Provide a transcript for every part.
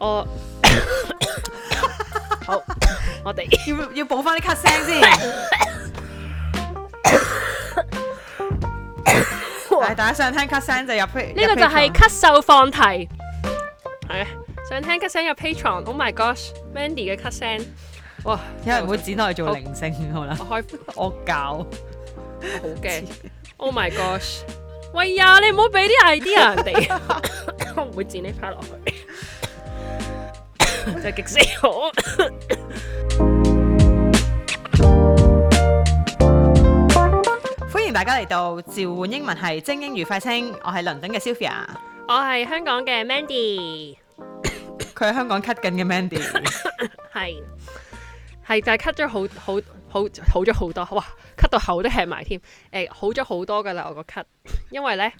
我好，我哋要要補翻啲咳聲先。係，大家想聽咳聲就入呢個就係咳嗽放題。係，想聽咳聲入 Patreon。Oh my gosh，Mandy 嘅咳聲，哇！有人會剪落去做鈴聲好啦。我開，我教，好驚。Oh my gosh，喂呀，你唔好俾啲 idea 人哋，我唔會剪呢 part 落去。最極死好！歡迎大家嚟到，召喚英文係精英愉快聲，我係倫敦嘅 Sylvia，我係香港嘅 Mandy，佢係香港咳緊嘅 Mandy。係，係就係咳咗嗽好好好好咗好多，哇！咳到口都吃埋添。誒好咗好多㗎喇，我個咳，因為呢，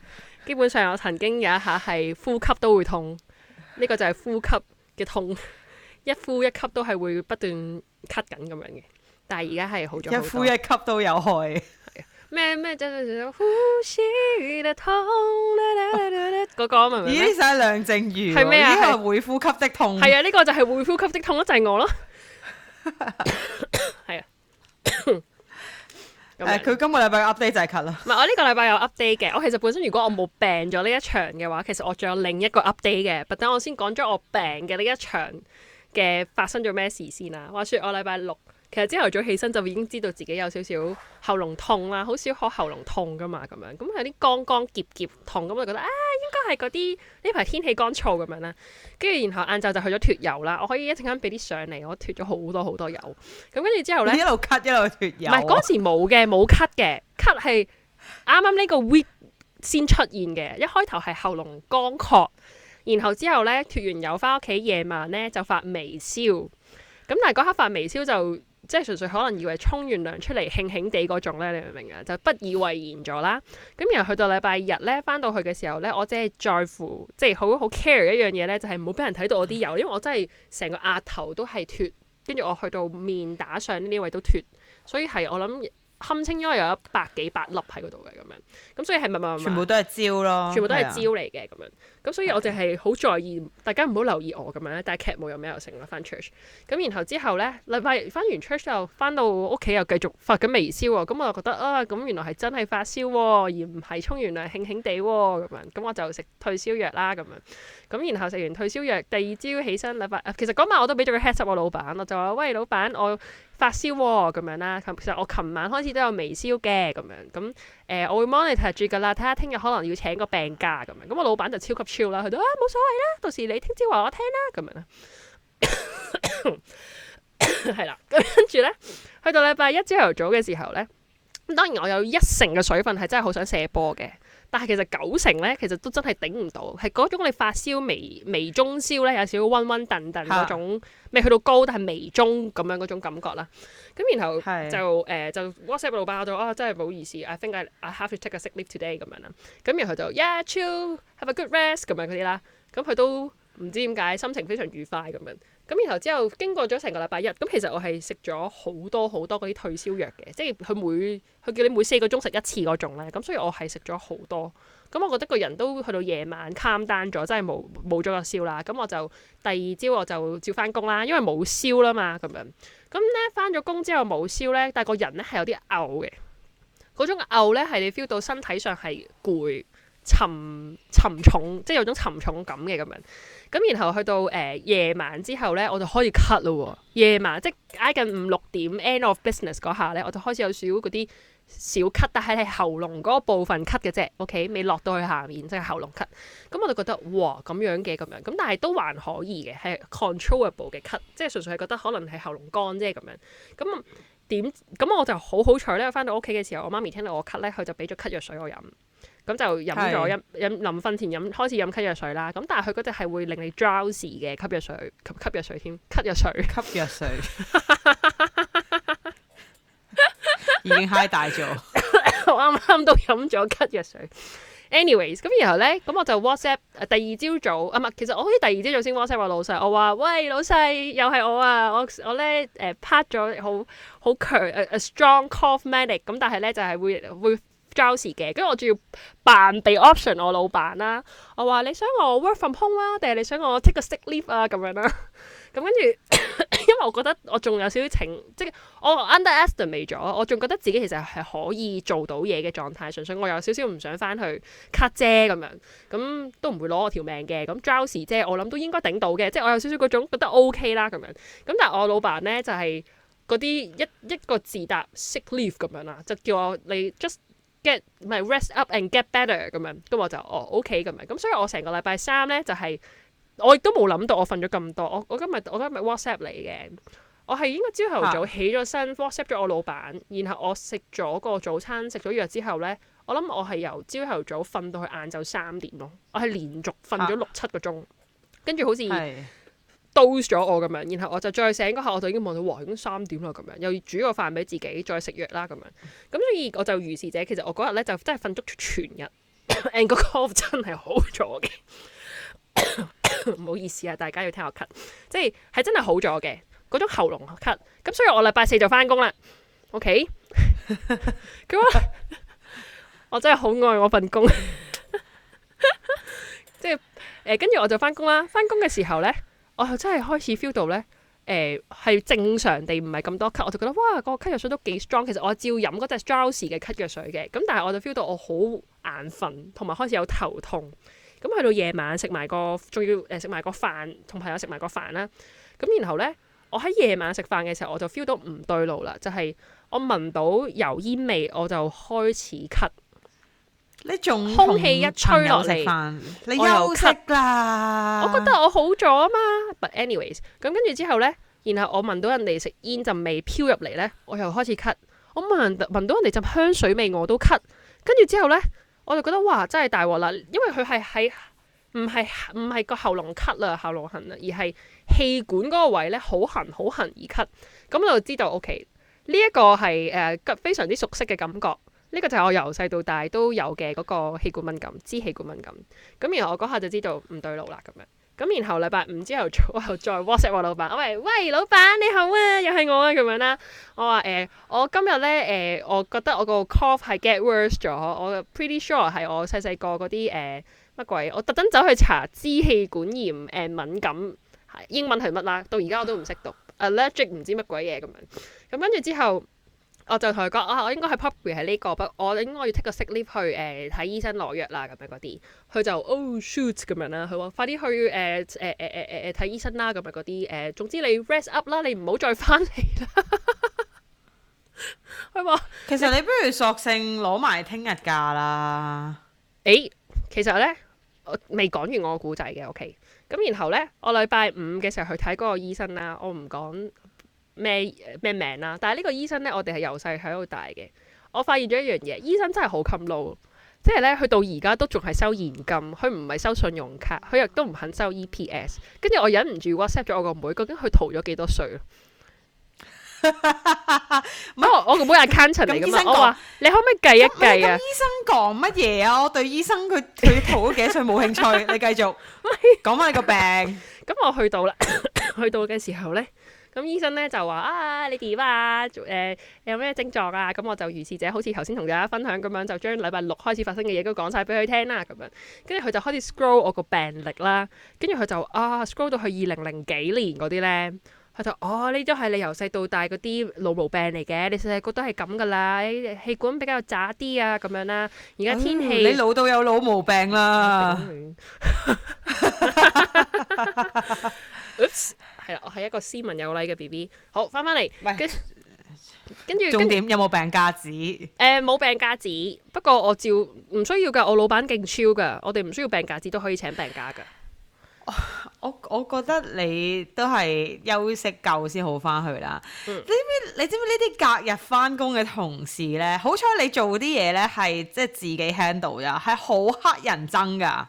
基本上我曾經有一下係呼吸都會痛，呢、這個就係呼吸嘅痛， 一呼一吸都係會不斷咳緊咁樣嘅，但係而家係好咗。一呼一吸都有害 係咩咩真真呼吸的痛嗰個？咦，就係梁靜茹係咩啊？呢個係會呼吸的痛，係 啊，呢、這個就係會呼吸的痛咯，就係、是、我咯，係啊。佢、啊、今個禮拜 update 就係 c u，唔係，我呢個禮拜有 update 嘅。我其實本身如果我冇病咗呢一場嘅話，其實我仲有另一個 update 嘅。等我先講咗我病嘅呢一場嘅發生咗咩事先啦。話説我禮拜六。其實朝頭早起身就已經知道自己有少少喉嚨痛啦，好少可喉嚨痛噶嘛，咁樣咁有啲乾乾澀澀痛，咁就覺得啊，應該係嗰啲呢排天氣乾燥咁樣啦。跟住然後晏晝就去咗脱油啦，我可以一陣間俾啲上嚟，我脱咗好多好多油。咁跟住之後咧，你一路咳一路脱油。唔係嗰時冇嘅，冇咳嘅，咳係啱啱呢個 week 先出現嘅，一開頭係喉嚨乾渴，然後之後咧脱完油翻屋企夜晚咧就發微燒，咁但係嗰刻發微燒就。即係純粹可能以為沖完涼出嚟輕輕地嗰種咧，你明唔明啊？就不以為然咗啦。咁然後去到禮拜日咧，翻到去嘅時候咧，我即係在乎，即係好好 care 一樣嘢咧，就係唔好俾人睇到我啲油，因為我真係成個額頭都係脱，跟住我去到面打上呢啲位都脱，所以係我諗。堪稱因為有一百幾百粒喺嗰度嘅咁樣，咁所以係咪密全部都係焦咯，全部都係焦嚟嘅咁樣。咁所以我哋係好在意，是的 大家唔好留意我咁樣啦。但係劇冇有咩又成啦，翻 church 咁然後之後咧，禮拜翻完 church 又翻到屋企又繼續發緊微燒喎。咁我就覺得啊，咁原來係真係發燒喎，而唔係沖完涼興興地喎咁樣。咁我就食退燒藥啦咁樣。咁然後食完退燒藥，第二朝起身禮拜，其實嗰晚我都俾咗個 heads up 我老闆，我就話，喂，老闆我發燒喎咁樣啦，其實我琴晚開始都有微燒嘅咁樣，咁誒、呃、我會 monitor 住噶啦，睇下聽日可能要請個病假咁樣，咁我老闆就超級 chill 啦，佢都啊冇所謂啦，到時你聽朝話我聽啦咁樣啦，係啦，跟住咧去到禮拜一朝頭早嘅時候咧，咁當然我有一成嘅水分係真係好想射波嘅。但係其實九成咧，其實都真係頂唔到，係嗰種你發燒微微中燒咧，有少少溫溫頓頓嗰種， 未去到高，但係微中咁樣嗰種感覺啦。咁然後就誒、 呃、就 WhatsApp 老闆就啊真係唔好意思，I think I have to take a sick leave today 咁樣啦。咁然後就 Yeah, chill, have a good rest 咁樣嗰啲啦。咁佢都。唔知點解心情非常愉快咁樣，咁然後之後經過咗成個禮拜日，咁其實我係食咗好多好多嗰啲退燒藥嘅，即係佢每佢叫你每四個鐘食一次嗰種咧，咁所以我係食咗好多，咁我覺得個人都去到夜晚 down 咗，真係冇冇咗個燒啦，咁我就第二朝我就照返工啦，因為冇燒啦嘛，咁樣，咁咧返咗工之後冇燒咧，但係個人咧係有啲嘔嘅，嗰種嘔咧係你 feel 到身體上係攰。沉沉重，即係有種沉重感嘅咁樣。咁、嗯、然後去到誒夜、呃、晚之後咧，我就可以咳啦、哦。夜晚即係挨近五六點，end of business 嗰下咧，我就開始有少嗰啲小咳，小咳，但係係喉嚨嗰部分咳嘅啫。OK，未落到去下面，即係喉嚨咳。咁、嗯、我就覺得哇，咁樣嘅咁樣。咁、嗯、但係都還可以嘅，係 controllable 嘅咳，即係純粹係覺得可能係喉嚨乾啫咁樣。咁、嗯、點？咁、嗯、我就好好彩咧，翻到屋企嘅時候，我媽咪聽到我咳咧，佢就俾咗咳藥水我飲。咁就飲咗一是飲，飲臨瞓前飲開始飲咳藥水啦。咁但係佢嗰隻係會令你 drowsy 嘅咳藥水，吸咳藥水添，咳藥水，咳藥水，已經 high 大咗。 我啱啱都飲咗咳藥水。anyways，咁然後咧，咁我就 WhatsApp 第二朝早啊，唔係，其實我好似第二朝早先 WhatsApp 我老細，我話喂老細又係我啊，我我咧誒、呃、拍咗好好強誒誒 strong cough medic，咁但係咧就係、是、會會。會會交時嘅，跟住我仲要扮被 option 我老闆啦、啊。我話你想我 work from home 啦、啊，定係你想我 take 個 sick leave 啊？咁樣啦、啊，咁跟住， 因為我覺得我仲有少少情，即係我 underestimate 咗，我仲覺得自己其實係可以做到嘢嘅狀態。純粹我有少少唔想翻去 cut 姐咁樣，咁都唔會攞我條命嘅。咁 draw 時姐，我諗都應該頂到嘅，即係我有少少嗰種覺得 OK 啦咁樣。咁但係我老闆咧就係嗰啲一一,一個字答 sick leave 咁樣啦，就叫我你 just。get 唔係 rest up and get better 咁樣，咁我就哦 OK 咁樣，咁所以我成個禮拜三咧就係、是、我亦都冇諗到我瞓咗咁多，我我今日我今日 WhatsApp 嚟嘅。我係應該朝頭早起咗身、啊、WhatsApp 咗我老闆，然後我食咗個早餐食咗藥之後咧，我諗我係由朝頭早瞓到去晏晝三點咯，我係連續瞓咗六七個鐘，啊、跟住好似。d o 咗我咁樣，然後我就再醒嗰刻，我就已經望到，哇，已經三點啦咁樣，又要煮個飯俾自己，再食藥啦咁樣。咁、嗯、所以我就如是者，其實我嗰日咧就真係瞓足全日，And l d 真係好咗嘅。唔 好意思啊，大家要聽我咳，即係係真係好咗嘅，嗰種喉嚨咳。咁所以我禮拜四就翻工。啦。OK，咁 我真係好愛我份工 即。即係誒，跟住我就翻工啦。翻工嘅時候咧。我就真係開始 feel 到咧，誒、呃、係正常地唔係咁多咳，我就覺得哇、個咳藥水都幾 strong。其實我照飲嗰隻 Strauss 嘅咳藥水嘅，咁但係我就 feel 到我好眼瞓，同埋開始有頭痛。咁去到夜晚食埋個，仲要誒食埋個飯，同朋友食埋個飯啦。咁然後咧，我喺夜晚食飯嘅時候，我就 feel 到唔對路啦，就係、是、我聞到油煙味，我就開始咳。你仲空氣一吹落嚟，你又咳啦。我，我覺得我好咗啊嘛，But anyways，咁跟住之後呢，然後我聞到人哋食煙陣味飄入嚟呢，我又開始咳。我聞聞到人哋陣香水味我都咳。跟住之後呢，我就覺得哇，真係大鑊啦！因為佢係喺唔係唔係個喉嚨咳啦，喉嚨痕啦，而係氣管嗰個位呢，好痕好痕而咳。咁我就知道，OK，呢一個係誒、呃、非常之熟悉嘅感覺。呢個就係我由細到大都有嘅嗰個氣管敏感、支氣管敏感。咁然後我嗰下就知道唔對路啦咁樣。咁然後禮拜五之後早又再 WhatsApp 我老闆，喂喂，老闆你好啊，又係我啊咁樣啦。我話誒，我今日咧誒，我覺得我個 cough 係 get worse 咗。我 pretty sure 係我細細個嗰啲誒乜鬼。我特登走去查支氣管炎誒敏感，英文係乜啦？到而家我都唔識讀 allergic 唔知乜鬼嘢咁樣。咁跟住之後。我就同佢講啊，我應該喺 public 喺呢個不，我應該要 take 個 sick leave 去誒睇、呃、醫生攞藥啦，咁樣嗰啲。佢就 oh shoot 咁樣啦，佢話快啲去誒誒誒誒誒睇醫生啦，咁樣嗰啲誒，總之你 rest up 你啦，你唔好再翻嚟啦。佢話其實你不如索性攞埋聽日假啦。誒，其實咧我未講完我個古仔嘅，OK。咁然後咧，我禮拜五嘅時候去睇嗰個醫生啦，我唔講。咩咩名啊？但係呢個醫生咧，我哋係由細喺度大嘅。我發現咗一樣嘢，醫生真係好襟撈，即係咧，去到而家都仲係收現金，佢唔係收信用卡，佢亦都唔肯收 EPS。跟住我忍唔住 WhatsApp 咗我個妹，妹，究竟佢逃咗幾多稅？唔係我我個妹係 accountant 嚟噶嘛？我話你可唔可以計一計啊？醫生講乜嘢啊？我對醫生佢佢逃咗幾多稅冇興趣。你繼續講翻你個病。咁別 我去到啦， 去到嘅時候咧。咁醫生咧就話啊，你點啊？誒、呃、有咩症狀啊？咁我就如是者好似頭先同大家分享咁樣，就將禮拜六開始發生嘅嘢都講晒俾佢聽啦。咁樣跟住佢就開始 scroll 我個病歷啦。跟住佢就啊 scroll 到去二零零幾年嗰啲咧，佢就哦，呢都係你由細到大嗰啲老毛病嚟嘅。你細細個都係咁噶啦，氣管比較渣啲啊，咁樣啦。而家天氣、呃、你老到有老毛病啦。係啦，我係一個斯文有禮嘅 BB。好，翻返嚟，是跟、呃、跟住着重點有冇病假紙？誒、呃，冇病假紙，不過我照唔需要㗎。我老闆勁 chill 㗎，我哋唔需要病假紙都可以請病假㗎。我我覺得你都係休息夠先好翻去啦。嗯、你知唔知你知唔知呢啲隔日翻工嘅同事咧？好彩你做啲嘢咧係即係自己 handle 噶，係好乞人憎噶。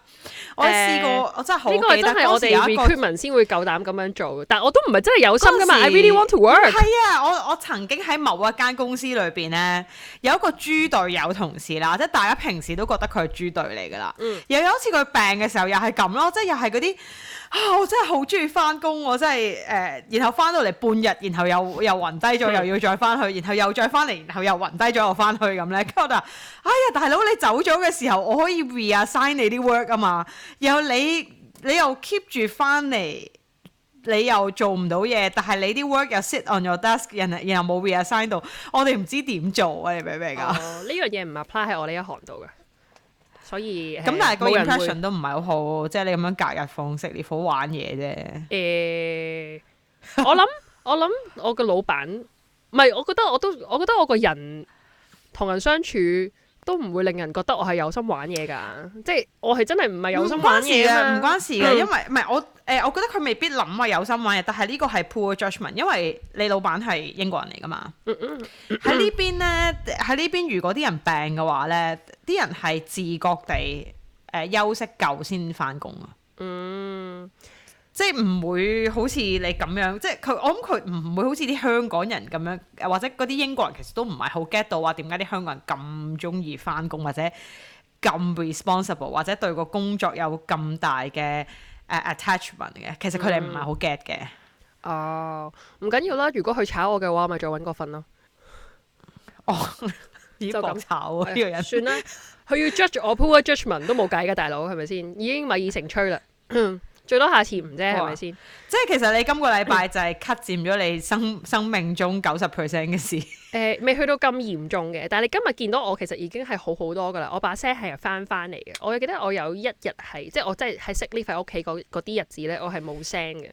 我試過，欸、我真係好記得真我哋有一個缺民先會夠膽咁樣做，但我都唔係真係有心噶嘛。時 I really want to work。係啊，我我曾經喺某一間公司裏邊咧，有一個豬隊友同事啦，即係大家平時都覺得佢係豬隊友嚟噶啦。嗯、又有一次佢病嘅時候，又係咁咯，即係又係嗰啲。啊！我真係好中意翻工，我真係誒、呃，然後翻到嚟半日，然後又又暈低咗，又要再翻去，然後又再翻嚟，然後又暈低咗，又翻去咁咧。跟住我話：哎呀，大佬，你走咗嘅時候，我可以 reassign 你啲 work 啊嘛。然後你你又 keep 住翻嚟，你又做唔到嘢，但係你啲 work 又 sit on your desk，人然後冇 reassign 到，我哋唔知點做啊！你明唔明啊？呢樣嘢唔 apply 喺我呢一行度嘅。所以咁，但係個 impression 都唔係好好，即係你咁樣隔日放式，你好玩嘢啫。誒，我諗我諗我個老闆，唔係 我覺得我都我覺得我個人同人相處。都唔會令人覺得我係有心玩嘢噶，即係我係真係唔係有心玩嘢啦。唔關事嘅，因為唔係我誒、呃，我覺得佢未必諗話有心玩嘢，但係呢個係 poor judgment，因為你老闆係英國人嚟噶嘛。喺呢 邊呢？喺呢邊如果啲人病嘅話呢，啲人係自覺地誒、呃、休息夠先返工啊。嗯。 即係唔會好似你咁樣，即係佢，我諗佢唔會好似啲香港人咁樣，或者嗰啲英國人其實都唔係好 get 到話點解啲香港人咁中意返工或者咁 responsible，或者對個工作有咁大嘅誒、uh, attachment 嘅，其實佢哋唔係好 get 嘅。哦，唔緊要啦，如果佢炒我嘅話，咪再搵個份咯。哦，就咁炒呢個人？哎、算啦，佢要 judge 我 poor judgement 都冇計㗎，大佬係咪先？已經咪已成吹啦。 最多下次唔啫，係咪先？吧即係其實你今個禮拜就係 cut 佔咗你生 生命中九十 percent 嘅事。誒、呃，未去到咁嚴重嘅，但係你今日見到我其實已經係好好多㗎喇。我把聲係返返嚟嘅。我記得我有一日係即係我真係喺悉尼喺屋企嗰啲日子咧，我係冇聲嘅。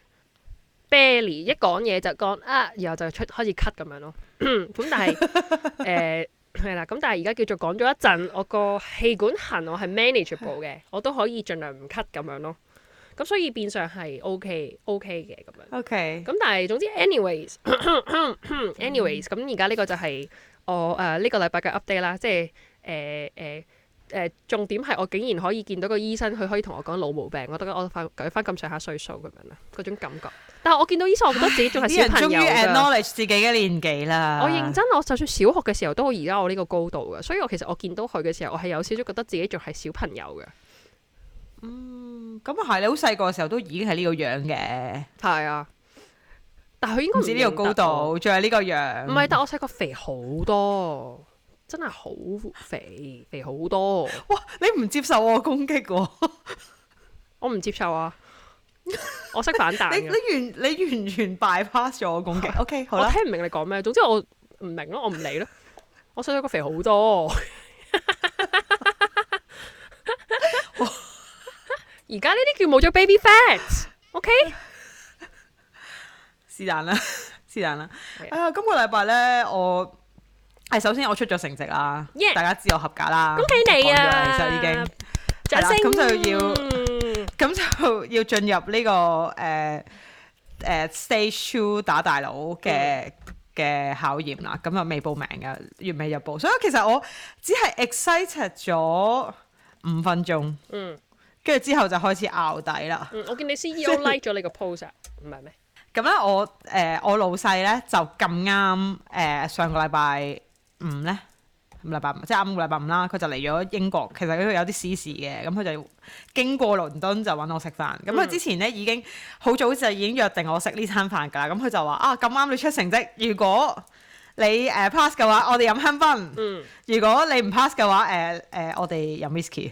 Barely 一講嘢就講啊，然後就出開始咳咁樣咯。咁 但係誒係啦。咁、 呃、但係而家叫做講咗一陣，我個氣管痕我係 manageable 嘅，我都可以盡量唔咳咁樣咯。咁、嗯、所以變相係 OK OK 嘅咁樣。OK、嗯。咁但係總之，anyways，anyways，咁而家呢個就係我誒呢、呃這個禮拜嘅 update 啦。即係誒誒誒，重點係我竟然可以見到個醫生，佢可以同我講老毛病。我覺得我改返咁上下歲數咁樣啦，嗰種感覺。但係我見到醫生，我覺得自己仲係小朋友。啲人終於 acknowledge 自己嘅年紀啦。我認真，我就算小學嘅時候都好。而家我呢個高度嘅，所以我其實我見到佢嘅時候，我係有少少覺得自己仲係小朋友嘅。嗯，咁啊係，你好細個嘅時候都已經係呢個樣嘅，係啊。但係佢應該唔知呢個高度，仲係呢個樣。唔係，但我細個肥好多，真係好肥，肥好多。哇！你唔接受我攻擊，啊？我唔接受啊！我識反彈 你，你完，你完全 bypass 咗我攻擊。 OK，好啦。我聽唔明你講咩，總之我唔明咯，我唔理咯。我細個肥好多。 而家呢啲叫冇咗 baby fat，OK？是但啦，是但啦。啊，uh, 今個禮拜咧，我係首先我出咗成績啦，Yeah. 大家知我合格啦。恭喜你啊！其實已經咁就要，咁就要進入呢、這個誒誒、uh, uh, stage two 打大佬嘅嘅考驗啦。咁啊未報名噶，月尾入報。所以其實我只係 excited 咗五分鐘。嗯。跟住之後就開始拗底啦，嗯。我見你 CEO like 咗 你個 pose 啊，唔係咩？咁咧，我誒我老細咧就咁啱誒上個禮拜五咧，禮拜即係啱個禮拜五啦。佢就嚟咗英國，其實佢有啲私事嘅，咁、嗯、佢就經過倫敦就揾我食飯。咁、嗯、佢、嗯、之前咧已經好早就已經約定我食呢餐飯㗎啦。咁、嗯、佢就話啊，咁啱你出成績，如果你誒、呃、pass 嘅話，我哋飲香檳；嗯，如果你唔 pass 嘅話，誒、呃、誒、呃呃呃、我哋飲 whisky。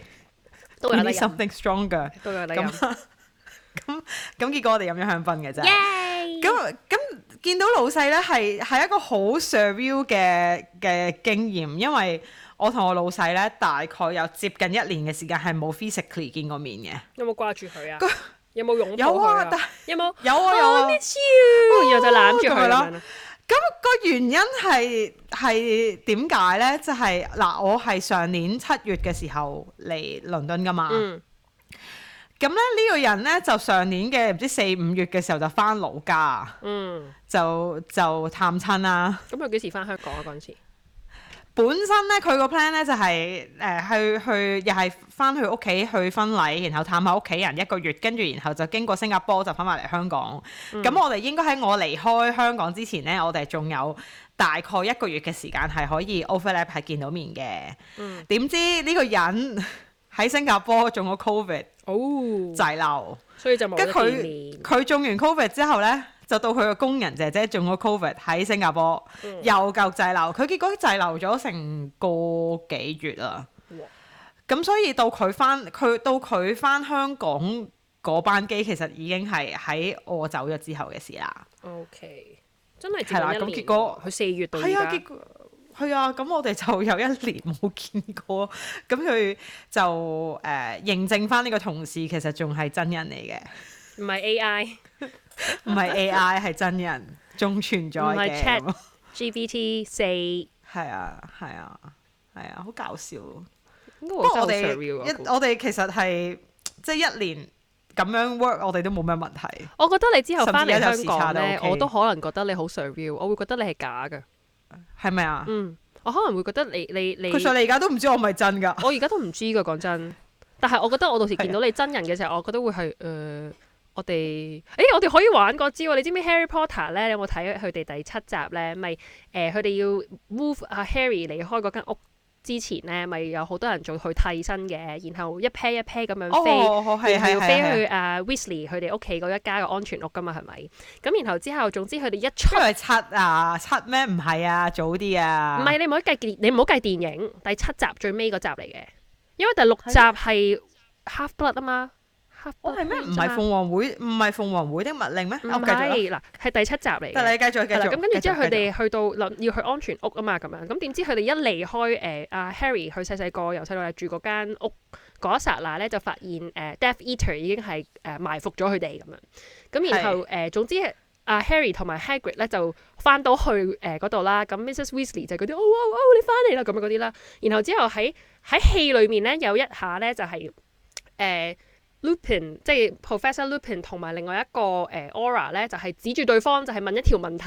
都要 something stronger，都咁咁咁，結果我哋咁樣香檳嘅啫。咁咁見到老細咧係係一個好 surreal 嘅嘅經驗，因為我同我老細咧大概有接近一年嘅時間係冇 physically 見過面嘅，有冇掛住佢啊？有冇擁抱佢啊？有冇，有啊，有啊，然後就攬住佢咯。咁個原因係係點解咧？就係、是、嗱，我係上年七月嘅時候嚟倫敦噶嘛。嗯。咁咧，呢個人咧就上年嘅唔知四五月嘅時候就翻老家。嗯。就就探親啦。咁佢幾時翻香港啊？嗰陣時？本身咧佢個 plan 咧就係、是、誒、呃、去去又係翻去屋企去婚禮，然後探下屋企人一個月，跟住然後就經過新加坡就返埋嚟香港。咁、嗯、我哋應該喺我離開香港之前咧，我哋仲有大概一個月嘅時間係可以 overlap 係見到面嘅。點、嗯、知呢個人喺新加坡中咗 COVID 哦，滯留，所以就冇得見面。佢中完 COVID 之後咧？就到佢個工人姐姐中咗 COVID 喺新加坡，嗯、又夠滯留，佢結果滯留咗成個幾月啦。咁哇所以到佢翻佢到佢翻香港嗰班機，其實已經係喺我走咗之後嘅事啦。O、okay. K，真係係啦。咁、啊、結果佢四月到，係啊，結果係啊。咁我哋就有一年冇見過，咁佢就誒、呃、認證翻呢個同事其實仲係真人嚟嘅，唔係 AI。 唔係 A I 係真人仲存在嘅，Chat G P T 四係 啊係啊係啊好搞笑，不過我哋我哋其實係即係一年咁樣 work，我哋都冇咩問題。我覺得你之後翻嚟香港咧，都我都可能覺得你好 surreal，我會覺得你係假嘅，係咪啊？嗯，我可能會覺得你你你，佢想你而家都唔知我唔係真噶，我而家都唔知噶。講真，但係我覺得我到時見到你真人嘅時候，的我覺得會係誒。呃我哋，誒、欸，我哋可以玩個招。你知唔知《Harry Potter》咧？你有冇睇佢哋第七集咧？咪誒，佢哋要 move 阿 Harry 離開嗰間屋之前咧，咪有好多人做去替身嘅，然後一 pair 一 pair 咁樣飛，哦哦哦要飛去阿 Weasley 佢哋屋企嗰一家嘅安全屋㗎嘛？係咪？咁然後之後，總之佢哋一出係七啊，七咩？唔係啊，早啲啊。唔係你唔好計，你唔好計電影第七集最尾嗰集嚟嘅，因為第六集係 Half Blood 啊嘛。我係咩？唔係鳳凰會，唔係鳳凰會的密令咩？唔係嗱，係第七集嚟。但你繼續繼續。咁跟住之後續，佢哋去到諗，要去安全屋啊嘛，咁樣。咁點知佢哋一離開誒阿 Harry，去細細個由細到大住嗰間屋嗰一剎那咧，就發現誒、呃、Death Eater 已經係誒、呃、埋伏咗佢哋咁樣。咁然後誒的、呃，總之阿、呃、Harry 同埋 Hagrid 咧就翻到去誒嗰度啦。咁、呃呃、Mrs. Weasley 就嗰啲你翻嚟啦咁嗰啲啦。然後之後喺喺戲裏面咧有一下咧就係、是、誒。呃呃呃 Lupin 即係 Professor Lupin 同埋另外一個誒、呃、Aura 咧，就係、是、指住對方就係、是、問一條問題，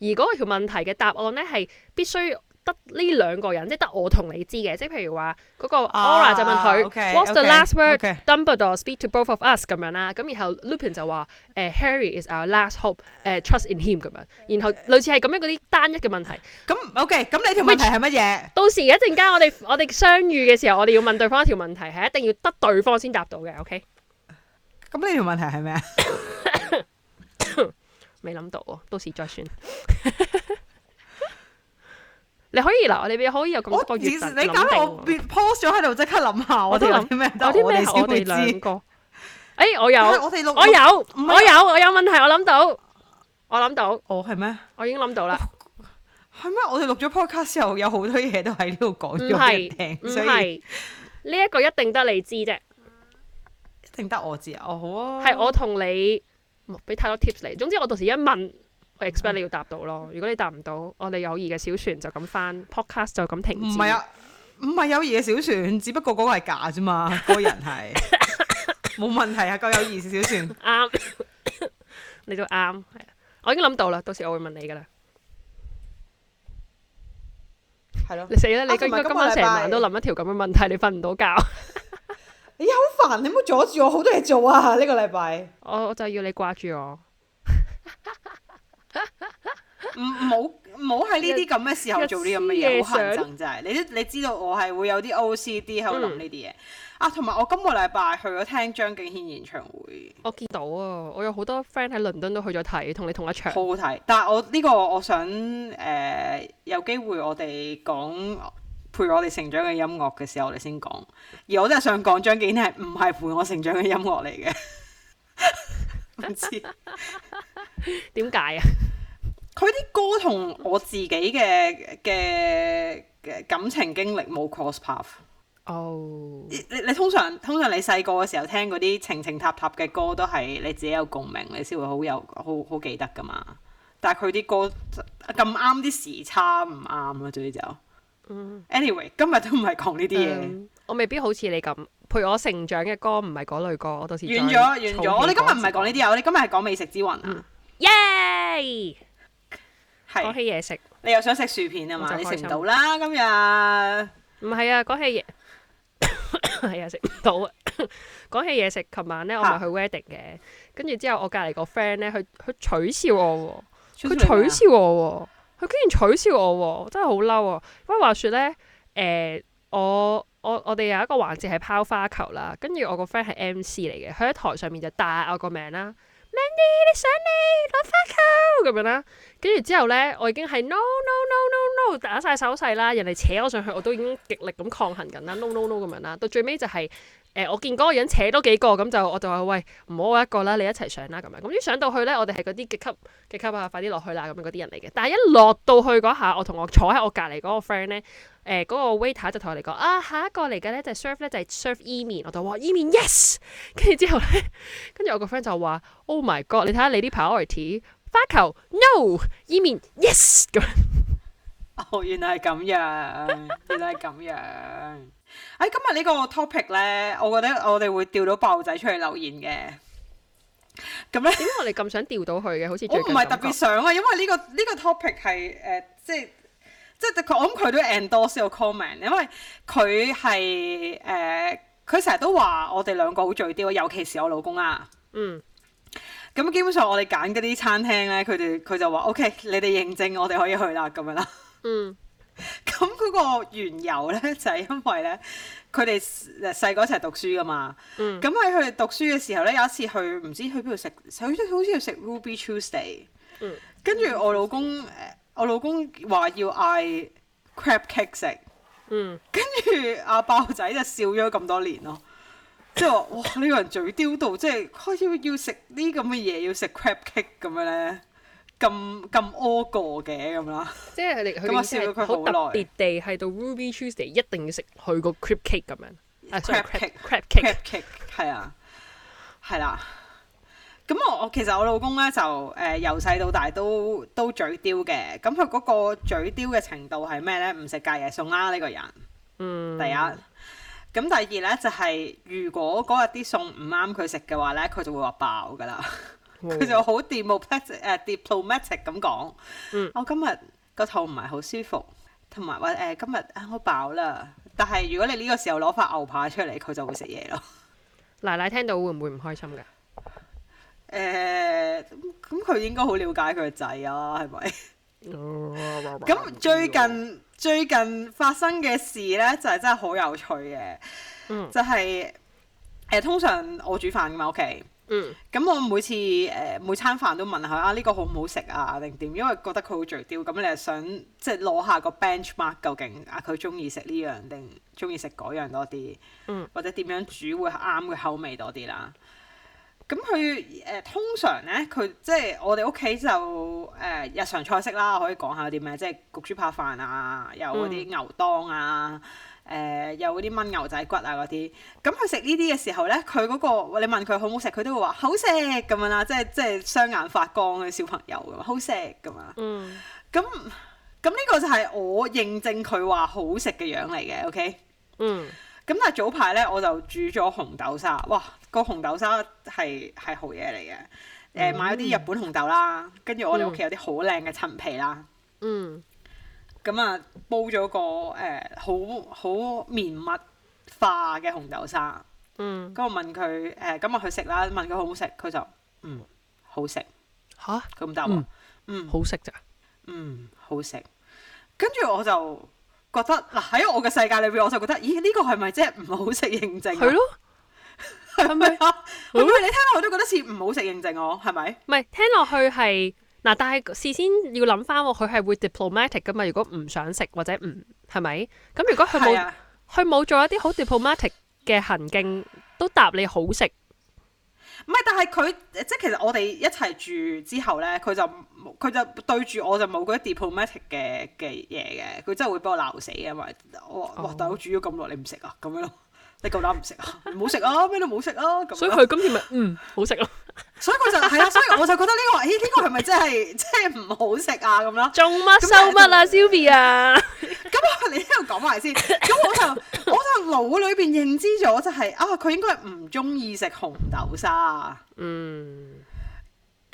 而嗰條問題嘅答案咧係必須得呢兩個人，即係得我同你知嘅，即係譬如話嗰、那個 Aura 就問佢 What's the last word Dumbledore speak to both of us 咁樣啦，咁、啊 okay, okay, okay, okay. 然後 Lupin 就話誒、呃、Harry is our last hope，誒、呃、Trust in him 咁樣，然後類似係咁樣嗰啲單一嘅問題。咁、啊、OK，咁你條問題係乜嘢？Which, 到時一陣間我哋 我哋相遇嘅時候，我哋要問對方一條問題，係一定要得對方先答到嘅，OK？咁呢條問題係咩啊？未諗到，到時再算。你可以嗱，我哋可以有咁多過程諗定。你搞到我 post 咗喺度，即刻諗下，我哋諗啲咩？有啲咩？我哋兩個。哎，我有，我哋錄，我有，我有，我有問題，我諗到，我諗到。哦，係咩？我已經諗到啦。係咩？我哋錄咗 podcast 之後，有好多嘢都喺度講咗俾你聽，所以呢一個一定得你知啫。淨得我知啊！哦、oh, oh，好啊。係我同你唔好俾太多 tips 你。總之我到時一問，我 expect 你要答到咯。如果你答唔到，我哋友誼嘅小船就咁翻 podcast 就咁停。唔係啊，唔係友誼嘅小船，只不過嗰個係假啫嘛。個人係冇 問題啊，夠友誼小船。啱、 嗯，你都啱。係我已經諗到啦，到時我會問你噶啦。係咯了，你死啦！你今今晚成晚都諗一條咁嘅問題，你瞓唔到覺。 你好、欸、煩，你唔好阻住我好多嘢做啊！呢、這個禮拜，我我就要你掛住我。唔好唔好喺呢啲咁嘅時候一做啲咁嘅嘢，好痕憎真係。你你你知道我係會有啲 OCD 喺度諗呢啲嘢啊。同埋我今個禮拜去咗聽張敬軒演唱會，我見到啊，我有好多 friend 喺倫敦都去咗睇，同你同一場，好好睇。但係我呢、這個我想誒、呃、有機會我哋講。陪我哋成長嘅音樂嘅時候，我哋先講。而我真係想講張敬軒係唔係陪我成長嘅音樂嚟嘅。唔 不知點解啊？佢啲歌同我自己嘅嘅嘅感情經歷冇 cross path。哦、oh，你你通常通常你細個嘅時候聽嗰啲情情塔塔嘅歌，都係你自己有共鳴，你先會好有好好記得噶嘛。但係佢啲歌咁啱啲時差唔啱咯，最就，就。anyway 今日都唔係講呢啲嘢，我未必好似你咁，陪我成長嘅歌唔係嗰類歌，我到時完咗，完咗，我哋皮今日唔係講呢啲啊，我哋今日係講美食之魂啊，耶、嗯！係講起嘢食，你又想食薯片啊嘛？就你食唔到啦，今日唔係啊，講起嘢係 到 啊，食唔到。講起嘢食，琴晚咧我咪去 wedding 嘅，跟住之後我隔籬個 friend 咧，佢佢取笑我，佢取，取笑我,我。佢竟然取笑我，啊，真係好嬲啊！不過話説咧，誒、呃、我我我哋有一個環節係拋花球啦，跟住我個 friend 係 MC 嚟嘅，佢喺台上面就打我個名啦，Mandy 你上嚟攞花球咁樣啦，跟住之後咧，我已經係 no, no no no no no 打晒手勢啦，人哋扯我上去我都已經極力咁抗衡緊啦，no no no 咁樣啦，到最尾就係、是。誒、呃，我見嗰個人扯多幾個，咁就我就話喂，唔好我一個啦，你一齊上啦咁樣。咁一上到去呢，我哋係嗰啲極級、極級、級啊，快啲落去啦咁樣嗰啲人嚟嘅。但係一落到去嗰下，我同我坐喺我隔離嗰個 friend 呢，誒、呃、嗰、那個 waiter 就同我哋講啊，下一個嚟嘅呢就係 serve 呢就係 serve 伊、e、面，我就話伊麵 yes。跟住之後呢，跟住我個 friend 就話 oh my god，你睇下你啲 priority 花球 no，伊、e、麵 yes 咁。 哦，原來係咁樣，原來係咁樣。 哎，今日呢個 topic 咧，我覺得我哋會釣到爆仔出去留言嘅。咁咧，點解我哋咁想釣到佢嘅？好似我唔係特別想啊，因為呢、這個呢、這個 topic 係誒，即係即係佢，我諗佢都 endorse your comment，因為佢係誒，佢成日都話我哋兩個好嘴刁，尤其是我老公啊。嗯。咁基本上我哋揀嗰啲餐廳咧，佢哋佢就話，OK，你哋認證，我哋可以去啦，咁樣啦。嗯。咁嗰個緣由咧，就係、是、因為咧，佢哋細個一齊讀書噶嘛。嗯。咁喺佢哋讀書嘅時候咧，有一次去唔知去邊度食，好似好似要食 Ruby Tuesday。嗯。跟住我老公誒，我老公話要嗌 crab cake 食。嗯。跟住阿爆仔就笑咗咁多年咯，即係話哇！呢、這個人嘴刁到，即係開始要食啲咁嘅嘢，要食 crab cake 咁樣咧。咁咁屙過嘅咁啦，即係你佢好耐。跌地係到 Ruby Tuesday 一定要食佢個 crab cake 咁樣，crab cake，crab cake。係啊，係啦。咁我我其實我老公咧就誒由細到大都都嘴刁嘅，咁佢嗰個嘴刁嘅程度係咩咧？唔食隔夜餸啦呢個人，嗯，第一。咁第二咧就係如果嗰日啲餸唔啱佢食嘅話咧，佢就會話爆噶啦。佢、嗯、就好 d i p diplomatic 咁講。嗯、我今日個肚唔係好舒服，同埋話誒今日、呃、我飽啦。但係如果你呢個時候攞塊牛扒出嚟，佢就會食嘢咯。奶奶聽到會唔會唔開心㗎？誒、呃，咁佢應該好了解佢個仔啊，係咪？咁、嗯、 最近、嗯、最近發生嘅事咧，就係、是、真係好有趣嘅。就係、是、誒、呃，通常我煮飯㗎嘛，屋企。嗯，咁我每次誒、呃、每餐飯都問下啊，呢、呢個好唔好食啊，定點？因為覺得佢好嘴刁。咁你係想即係攞下個 benchmark 究竟啊佢中意食呢樣定中意食嗰樣多啲，嗯、或者點樣煮會啱佢口味多啲啦。咁佢誒通常咧，佢即係我哋屋企就誒、呃、日常菜式啦，可以講下啲咩，即係焗豬扒飯啊，有嗰啲牛丼啊。嗯誒、呃、有啲燜牛仔骨啊嗰啲，咁佢食呢啲嘅時候呢，佢嗰、嗰個你問佢好唔好食，佢都會話好食咁樣啦，即係即係雙眼發光嘅小朋友咁，好食㗎嘛。咁咁呢個就係我認證佢話好食嘅樣嚟嘅，OK？咁、嗯、但係早排呢，我就煮咗紅豆沙，哇！個紅豆沙係係好嘢嚟嘅。誒、呃、買咗啲日本紅豆啦，跟住、嗯、我哋屋企有啲好靚嘅陳皮啦。嗯嗯咁啊，煲咗個誒、欸、好好綿密化嘅紅豆沙。嗯。咁我問佢誒，今、欸、日去食啦？問佢好唔好食？佢就嗯好食。吓？佢答話。嗯，好食咋？嗯，嗯嗯好食。跟住、嗯、我就覺得嗱，喺我嘅世界裏邊，我就覺得，咦？呢、呢個係咪即係唔好食認證？係咯。係咪啊？唔係 你聽落都覺得似唔好食認證，我係咪？唔係，聽落去係。 嗱、啊，但係事先要諗翻，佢係會 diplomatic 嘅嘛。如果唔想食或者唔係咪？咁如果佢冇佢冇做一啲好 diplomatic 嘅行徑，都答你好食。唔係，但係佢即係其實我哋一齊住之後咧，佢就佢就對住我就冇嗰啲 diplomatic 嘅嘅嘢嘅。佢真係會俾我鬧死啊嘛！我哇大佬煮咗咁耐，你唔食啊？咁樣咯，你夠膽唔食啊？唔好食啊！咩都唔好食啊！所以佢今次咪嗯好食咯、啊。 所以我就係啦，所以我就覺得呢、這個，咦、欸？呢、這個係咪真係，真係唔好食啊？咁咯，做乜收乜啊，Sylvia？咁我你喺呢度講埋先，咁我，我就我就腦裏邊認知咗就係、是，啊，佢應該唔中意食紅豆沙。嗯。Mm.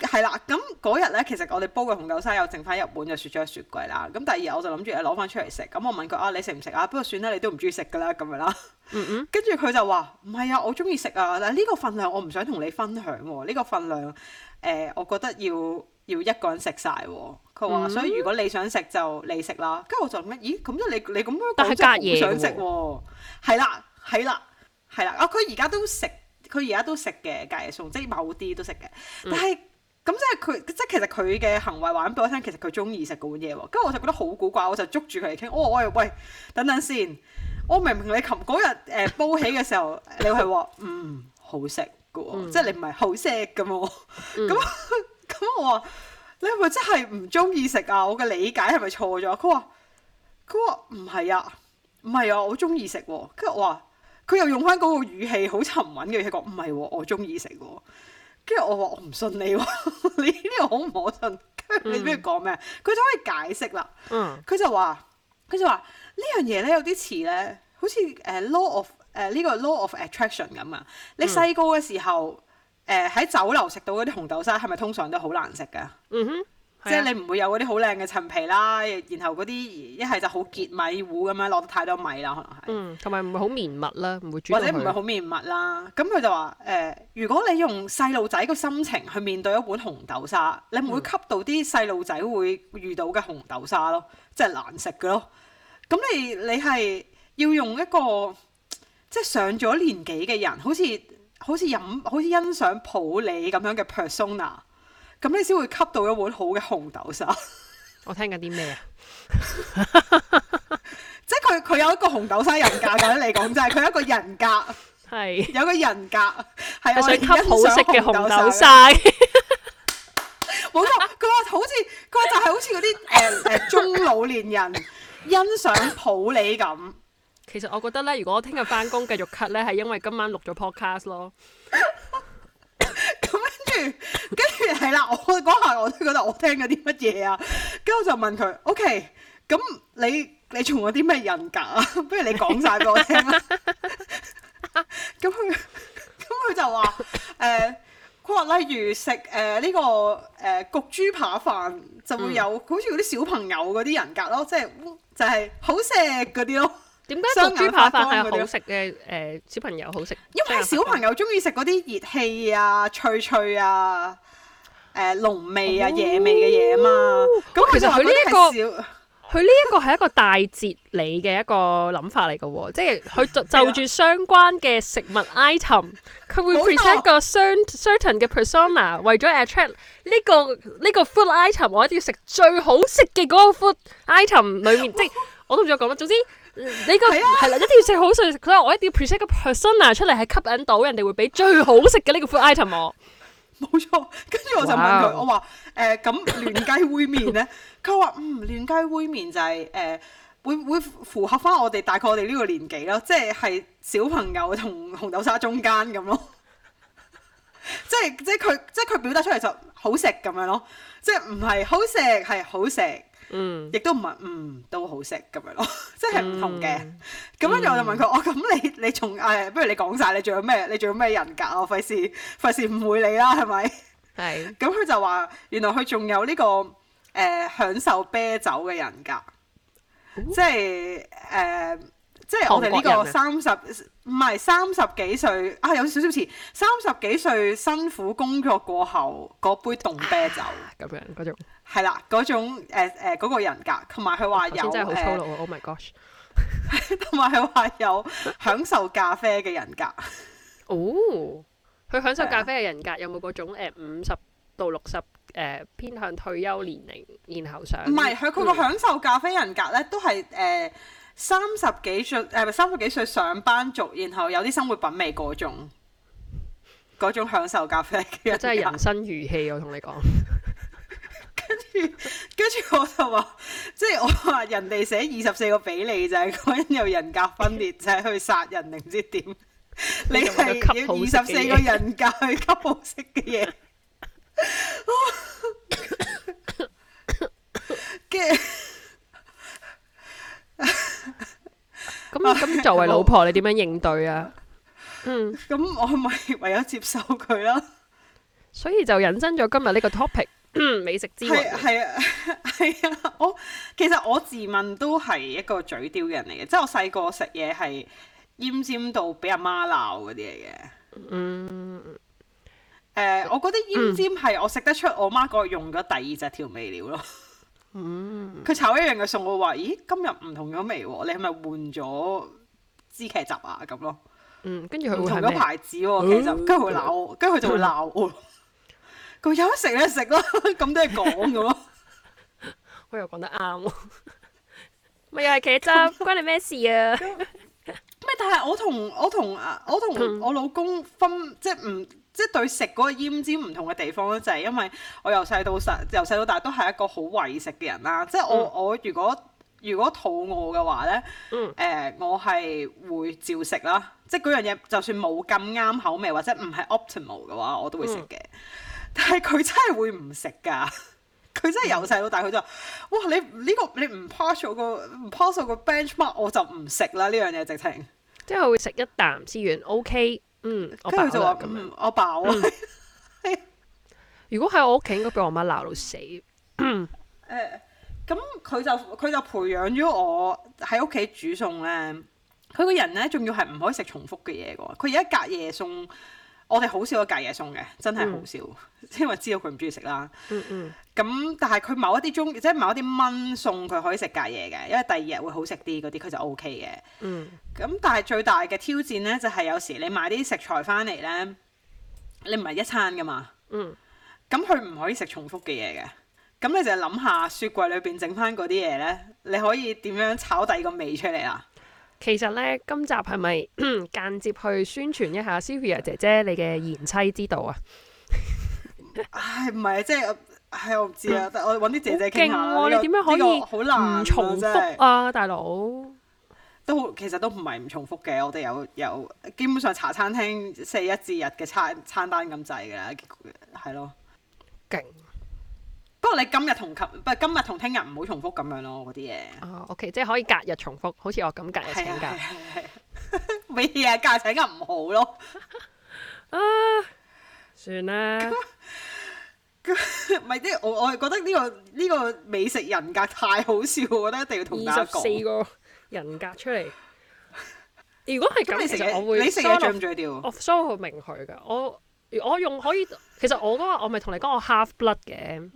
係啦，咁嗰日咧，其實我哋煲嘅紅豆沙又剩翻日本就雪在雪櫃啦。咁第二日，我就諗住攞翻出嚟食。咁我問佢：啊，你食唔食啊？不過算啦，你都唔中意食噶啦，咁樣啦。嗯嗯。跟住佢就話：唔係啊，我中意食啊。但係呢個份量我唔想同你分享喎、啊。呢、呢個份量，誒、呃，我覺得要要一個人食曬、啊。佢話：嗯、所以如果你想食就你食啦。跟住我就諗：咦，咁即你你咁樣講真係好想食喎。係啦，係啦，係啦。啊，佢而家都食，佢而家都食嘅隔夜餸，即係某啲都食嘅，但係。咁即係佢，即係其實佢嘅行為話咁俾我聽，其實佢中意食嗰碗嘢喎。跟住我就覺得好古怪，我就捉住佢嚟傾。我、哦、話：喂，等等先。我明明你琴嗰日誒煲起嘅時候， 你係話嗯好食嘅喎，嗯、即係你唔係好食嘅麼？咁咁、嗯 嗯、我話你係咪真係唔中意食啊？我嘅理解係咪錯咗？佢話佢話唔係啊，唔係啊，我中意食。跟住我話佢又用翻嗰個語氣，好沉穩嘅語氣講唔係喎，我中意食喎。跟住我話我唔信你喎、哦， 你呢、呢個好唔可信？跟住、嗯、你知唔知講咩？佢就可以解釋啦。佢、嗯、就話，佢就話呢樣嘢咧有啲詞咧，好似誒、uh, law of 誒、uh, 呢個 law of attraction 咁啊。你細個嘅時候誒喺、嗯呃、酒樓食到嗰啲紅豆沙，係咪通常都好難食㗎？嗯哼。即係你唔會有嗰啲好靚嘅陳皮啦，然後嗰啲一係就好結米糊咁樣，落得太多米啦，可能係。嗯，同埋唔會好綿密啦，唔會煮或者唔係好綿密啦，咁佢就話誒、呃，如果你用細路仔個心情去面對一碗紅豆沙，你唔會吸到啲細路仔會遇到嘅紅豆沙咯，即係難食㗎咯。咁你你係要用一個即係上咗年紀嘅人，好似好似飲好似欣賞普洱咁樣嘅 persona。咁你先會吸到一碗好嘅紅豆沙。 我聽緊啲咩啊？ 即係佢佢有一個紅豆沙人格嘅嚟講，就係、是、佢 有一個人格，係有個人格，係我想吸好食嘅紅豆沙。冇錯，佢話好似佢就係好似嗰啲誒誒中老年人欣賞普洱咁。其實我覺得咧，如果我聽日翻工繼續 cut 咧，係因為今晚錄咗 podcast 咯。 跟住跟住，係啦，我嗰下我都覺得我聽咗啲乜嘢啊？跟住我就問佢，OK，咁你你仲有啲咩人格啊？不如你講晒俾我聽啦。咁佢咁佢就話，誒、嗯，佢話例如食誒呢個誒焗豬扒飯，就會有好似嗰啲小朋友嗰啲人格咯，即係就係好食嗰啲咯。點解豬扒飯係好食嘅？誒小朋友好食，因為小朋友中意食嗰啲熱氣啊、脆脆啊、誒濃味啊、野味嘅嘢嘛。咁其實佢呢一個，佢呢一個係一個大節理嘅一個諗法嚟嘅喎，即係佢就住相關嘅食物 item，佢會 present 一個相 certain 嘅 persona，為咗 attract 呢個呢個 food item，我一定要食最好食嘅嗰個 food item 裏面。即係我都唔知唔再講乜，總之。你、這個係啦，啊、一定要食好食。佢話我一定要 present 個 persona 出嚟，係吸引到人哋會俾最好食嘅呢個 food item。我冇錯，跟住我就問佢，Wow. 我話誒咁亂雞燴麵咧，佢話唔亂雞燴麵就係、是、誒、呃、會會符合翻我哋大概我哋呢個年紀咯，即係係小朋友同紅豆沙中間咁咯。 即係即係佢即係佢表達出嚟就好食咁樣咯，即係唔係好食係好食。嗯，亦都唔係，嗯，都好食，咁樣咯，即係唔同嘅。咁跟住我就問佢：我咁、哦、你你仲誒、哎？不如你講晒，你仲有咩？你仲有咩人格？我費事費事誤會你啦，係咪？係是。咁佢就話：原來佢仲有呢、這個誒、呃、享受啤酒嘅人格，哦、即係誒、呃，即係我哋呢個三十唔係三十幾歲啊，有少少似三十幾歲辛苦工作過後嗰杯凍啤酒咁、啊、樣嗰係啦，嗰種誒誒嗰個人格，同埋佢話有，有真係好粗魯啊，同埋佢話有享受咖啡嘅人格。 哦，佢享受咖啡嘅人格有冇嗰種五十、呃、到六十誒偏向退休年齡，然後上？唔係佢佢個享受咖啡人格咧，都係誒三十幾歲誒三十幾歲上班族，然後有啲生活品味嗰種，嗰種享受咖啡。嘅，真係人生如戲，我同你講。 跟住，跟住我就話，即係我話人哋寫二十四個俾你就係嗰人有人格分裂，就係去殺人定唔知點？你係要二十四個人格去吸好食嘅嘢。跟咁咁作為老婆，你點樣應對啊？嗯，咁我咪唯有接受佢咯。所以就引申咗今日呢個 topic。 美食之魂，係 啊，係啊，我其實我自問都係一個嘴刁嘅人嚟嘅，即係我細個食嘢係奄尖度俾阿媽鬧嗰啲嚟嘅。嗯，誒、呃，我覺得奄尖係我食得出，我媽嗰用咗第二隻調味料咯。嗯，佢炒一樣嘅餸，我話咦今日唔同咗味喎，你係咪換咗支茄汁啊？咁咯，嗯，跟住佢換咗牌子麼其實跟住佢鬧，跟住佢就鬧我。 佢有得食咧食咯，咁都係講嘅咯。我又講得啱喎，咪又係茄汁， 關你咩事啊？咩、 嗯？但係我同我同啊，我同我，我，我老公分即係唔即係對食嗰個奄尖唔同嘅地方咧，就係、是、因為我由細到細，由細到大都係一個好為食嘅人啦。即係我、嗯、我如果如果肚餓嘅話咧，誒、嗯呃、我係會照食啦。即係嗰樣嘢，就算冇咁啱口味或者唔係 optimal 嘅話，我都會食嘅。嗯但係佢真係會唔食噶，佢 真係由細到大佢就話：，哇！你呢、呢個你唔 pass 咗個唔 pass 咗個 benchmark 我就唔食啦呢樣嘢直情，即係會食一啖先完。O、OK, K，嗯，跟住佢就話咁、嗯、我飽啊。嗯」 如果喺我屋企應該俾我媽鬧到死。誒，咁 佢、呃、就佢就培養咗我喺屋企煮餸咧，佢個人咧仲要係唔可以食重複嘅嘢嘅，佢而家隔夜餸。我哋好少攞隔夜餸嘅，真係好少，嗯、因為知道佢唔中意食啦。咁、嗯嗯、但係佢某一啲中，即係某一啲蚊餸，佢可以食隔夜嘅，因為第二日會好食啲嗰啲，佢就 O K 嘅。咁、嗯、但係最大嘅挑戰呢，就係、是、有時你買啲食材翻嚟呢，你唔係一餐噶嘛。咁佢唔可以食重複嘅嘢嘅，咁你就諗下雪櫃裏邊整翻嗰啲嘢呢，你可以點樣炒第二個味出嚟啊？其實呢，今集係咪間接去宣傳一下 Sylvia 姐姐你嘅賢妻之道啊？唉 哎，唔係、哎嗯、啊，即係、這個，係我唔知啊。但我揾啲姐姐傾勁你點樣可以？好難重複啊，的大佬哥。都其實都唔係唔重複嘅，我哋有有基本上茶餐廳四一至日嘅餐餐單咁滯㗎喇，係咯，勁。不過你今日同琴不今日同聽日唔好重複咁樣咯，嗰啲嘢哦。OK，即係可以隔日重複，好似我咁隔日請假。未啊，但 係、哎、請假唔好咯。啊、uh，算啦。咪即係我我係覺得呢、這個呢、這個美食人格太好笑，我覺得一定要同大家講。四個人格出嚟，如果係咁， 你食嘢你食嘢追唔追調？我 show 佢明佢噶，我我用可以。其實我嗰日我咪同你講，我 half blood 嘅。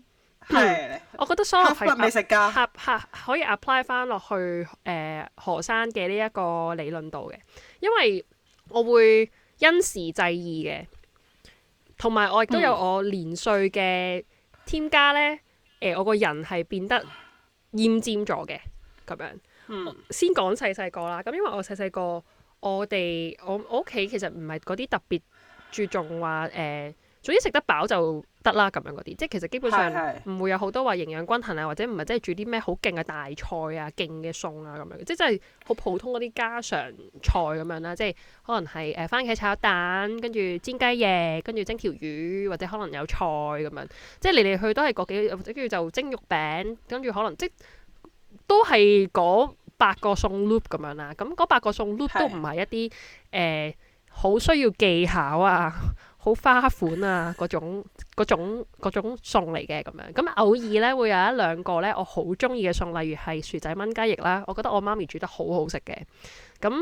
係，嗯、是我覺得所有美食家可以 apply 翻落去誒、呃、何生嘅呢一個理論度嘅，因為我會因時制宜嘅，同埋我亦都有我年歲嘅添加咧。誒、呃，我個人係變得厭尖咗嘅咁樣。嗯、先講細細個啦。咁因為我細細個，我哋我我屋企其實唔係嗰啲特別注重話誒、呃總之食得飽就得啦，咁樣嗰啲，即係其實基本上唔會有好多話營養均衡啊，或者唔係即係煮啲咩好勁嘅大菜啊、勁嘅餸啊咁樣，即係係好普通嗰啲家常菜咁樣啦，即係可能係誒、呃、番茄炒蛋，跟住煎雞翼，跟住蒸條魚，或者可能有菜咁樣，即係嚟嚟去都係嗰幾個，跟住就蒸肉餅，跟住可能即都係講八個餸 loop 咁樣啦。咁嗰八個餸 loop 都唔係一啲誒好需要技巧啊。好花款啊！嗰種嗰種嗰種餸嚟嘅咁樣，咁偶爾呢，會有一兩個呢，我好中意嘅餸，例如係薯仔炆雞翼啦，我覺得我媽咪煮得好好食嘅，咁。